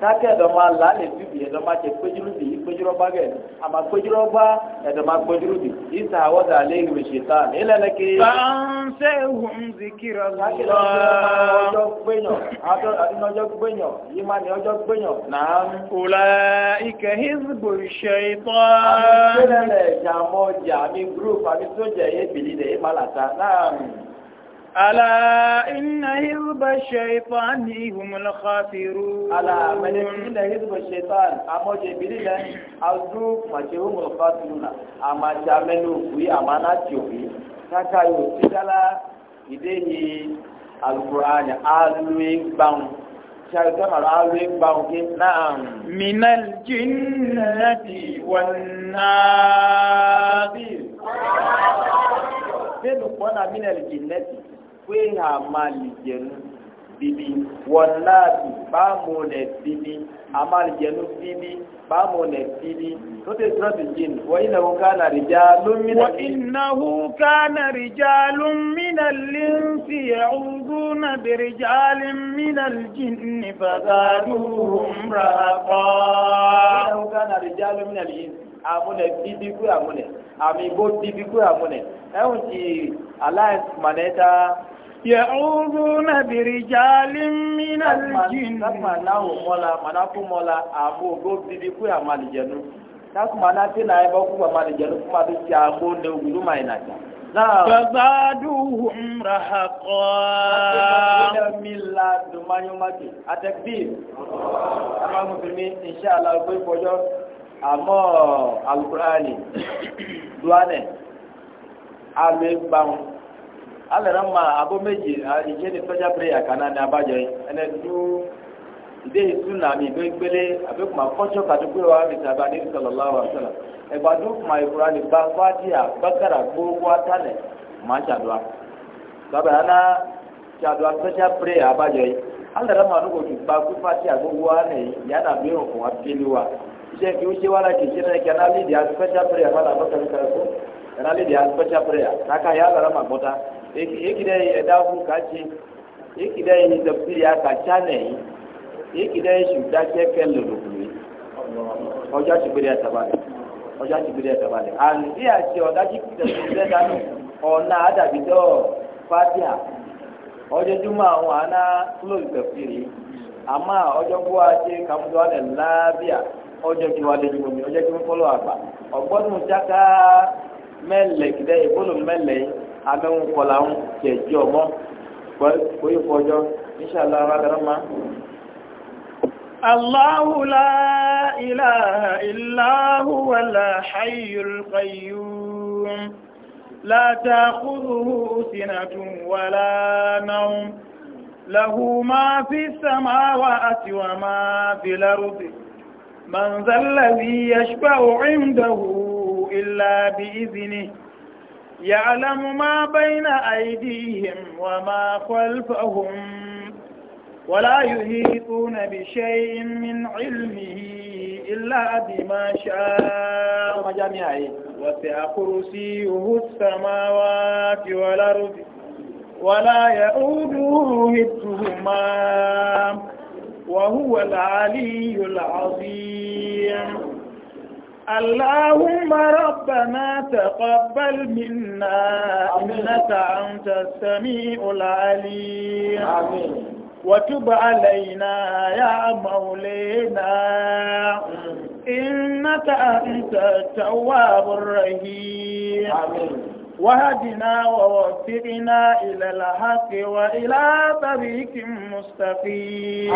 kake ɛdɔma la le bi ɛdɔma tse kpedzro bi ikpedzro ba gɛ ama kpedzro ba ɛdɔma kpedzro bi isa awɔda ale yiwe seta ele le ke. fanse hum zikira lɔ. kake lɔ ɔjɔ gbenyɔ adɔ yima ni ɔjɔ naa. ike group la ta ألا إن حزب الشيطان هم الخاسرون ألا من إن حزب الشيطان أما جبريل أزو فشهم الخاسرون أما جاملوا في أمانة جوفي kaka yóò ti dala ìdè yìí alukur'an alue gbaun sari kamara alue gbaun ke naam. minal jinnati wannaabi. bẹ́ẹ̀ kwe na amali jenu bibi wallahi ba mu ne bibi amali jenu bibi ba mu ne bibi to te sura jin wa innahu kana rijalun min wa innahu kana rijalun min al-insi ya'uduna bi rijalin min al-jinni fazaduhum rahaqa innahu kana rijalun min al-insi amune bibi ku amune ami bo bibi ku amune ti alliance maneta yẹ̀húnrún nàbìrìjálì mínà jìn. sápà láwọn mọ́la màdákù mọ́la àbò ògbó bíbí kú àmàlìjẹ̀nu sápà màdákù náà ẹbọ kú àmàlìjẹ̀nu kú màdó ti àgbó ní ògùdú màyìnà jà. Fazaduhum rahaqa. Ata mi la dumayomake. Atẹ̀kí. duane alẹ́rẹ́ ma abọ́ méje ìjẹ́ ni sọ́jà pírẹ́yà kaná ni abájọ yìí ẹnẹ dú ìdé ìsú nà mí gbégbélé àbí kùmà kọ́tsọ́ kàtó pé wà mí sábà ní sọlọ́lá wà sọlọ́ ẹgbàdo kùmà ìkura ni bá fàdí àgbàkàrà gbogbo àtàlẹ̀ màá tsàdúrà sábà yàrá tsàdúrà sọ́jà pírẹ́yà abájọ yìí alẹ́rẹ́ ma nùgbò tó gba kú fàdí àgbogbo àlẹ́ yìí yàrá bí òkun wà pélé wa iṣẹ́ kí ó ṣe wà láti ṣe náà kí análédìí asọ́jà pírẹ́yà fàdà bọ́kàlùkàlù kó análédìí asọ́jà pírẹ́yà ekidai edahu katsi ekidai ni tafsiri akatsa nɛyi ekidai sudatsɛ kɛlɛ lɔbɔlɔyi ɔjɔ atsigbede ataba lɛ ɔjɔ atsigbede ataba lɛ andi atsi ɔdatsi tafsiri lɛ danu ɔna adabi tɔ fatia ɔjɔ duma wọn ana klori ama ɔjɔ bu kamudu alɛ labia fɔlɔ agba ɔgbɔnu mɛlɛ ebolo mɛlɛ yi. amewo kɔla ŋu dzedze ɔmɔ koyi kɔdzɔ inshala ara dara ma. الله لا إله إلا هو الحي القيوم لا تأخذه سنة ولا نوم له ما في السماوات وما في الأرض من ذا الذي يشفع عنده إلا بإذنه يعلم ما بين أيديهم وما خلفهم ولا يهيطون بشيء من علمه إلا بما شاء مجامعه وسع كرسيه السماوات والأرض ولا يؤوده هدهما وهو العلي العظيم اللهم ربنا تقبل منا إنك أنت السميع العليم وتب علينا يا مولانا إنك أنت التواب الرحيم وهدنا ووفقنا إلى الحق وإلى طريق مستقيم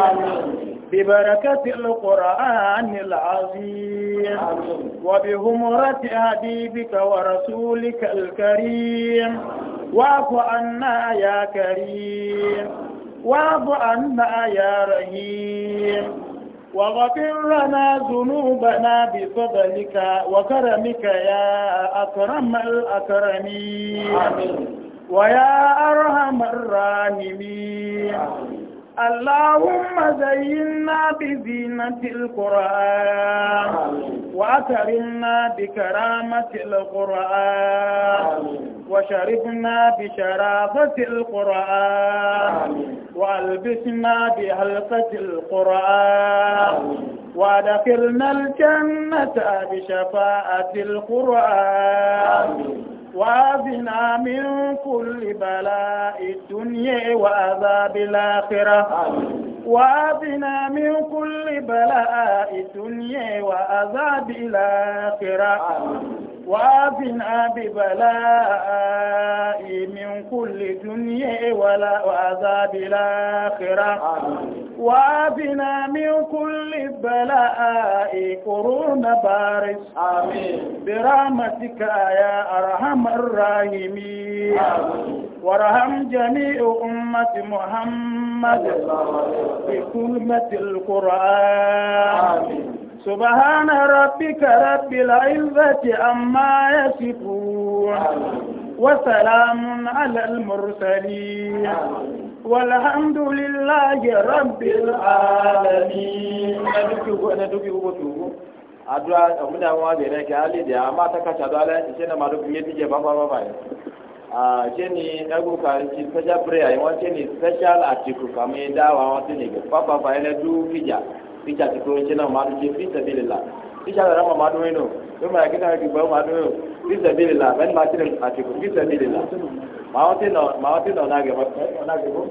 ببركة القرآن العظيم وبهمرة حبيبك ورسولك الكريم واعف عنا يا كريم واعف عنا يا رحيم وغفر لنا ذنوبنا بفضلك وكرمك يا أكرم الأكرمين ويا أرحم الراحمين اللهم زينا بزينة القرآن وأكرمنا بكرامة القرآن وشرفنا بشرافة القرآن وألبسنا بحلقة القرآن وأدخلنا الجنة بشفاعة القرآن وأذنا من كل بلاء الدنيا وعذاب الآخرة وأذنا من كل بلاء الدنيا وعذاب الآخرة وافنا ببلاء من كل دنيا ولا وعذاب الآخرة وافنا من كل بلاء قرون بارس برحمتك يا أرحم الراحمين وارحم جميع أمة محمد بكلمة القرآن آمين. سبحان ربك رب العزة عما يصفون وسلام على المرسلين والحمد لله رب العالمين addu'a da mudawa bai rake hali da amma ta kacha da ala ce na maru biye tije ba ba ba ba a ce ni ego ka ci special prayer yawan ce ni special article kamar dawa wa ce ne ba ba ba ne du fija bija ti kuro tsena madu tse fi sɛbi le la bija lɛ rama madu yi no yɔ mɛ akeka yɔ ti gbɛ madu yi o fi sɛbi le la bɛn ma ti le ati ko fi sɛbi le la maa wɔn ti nɔ maa wɔn ti nɔ n'agɛ mɛ n'agɛ ko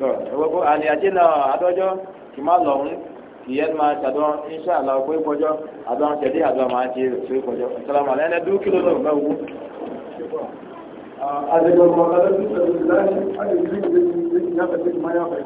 ɔ ewɔ ko ani ati nɔ adɔjɔ kì má lɔ ŋu kì yɛ ma tsa dɔn inshala ko ekɔjɔ adɔn tɛdi adɔn ma ti so ekɔjɔ salama lɛ ɛnɛ du kilo lɛ mɛ wu. adegbe mɔ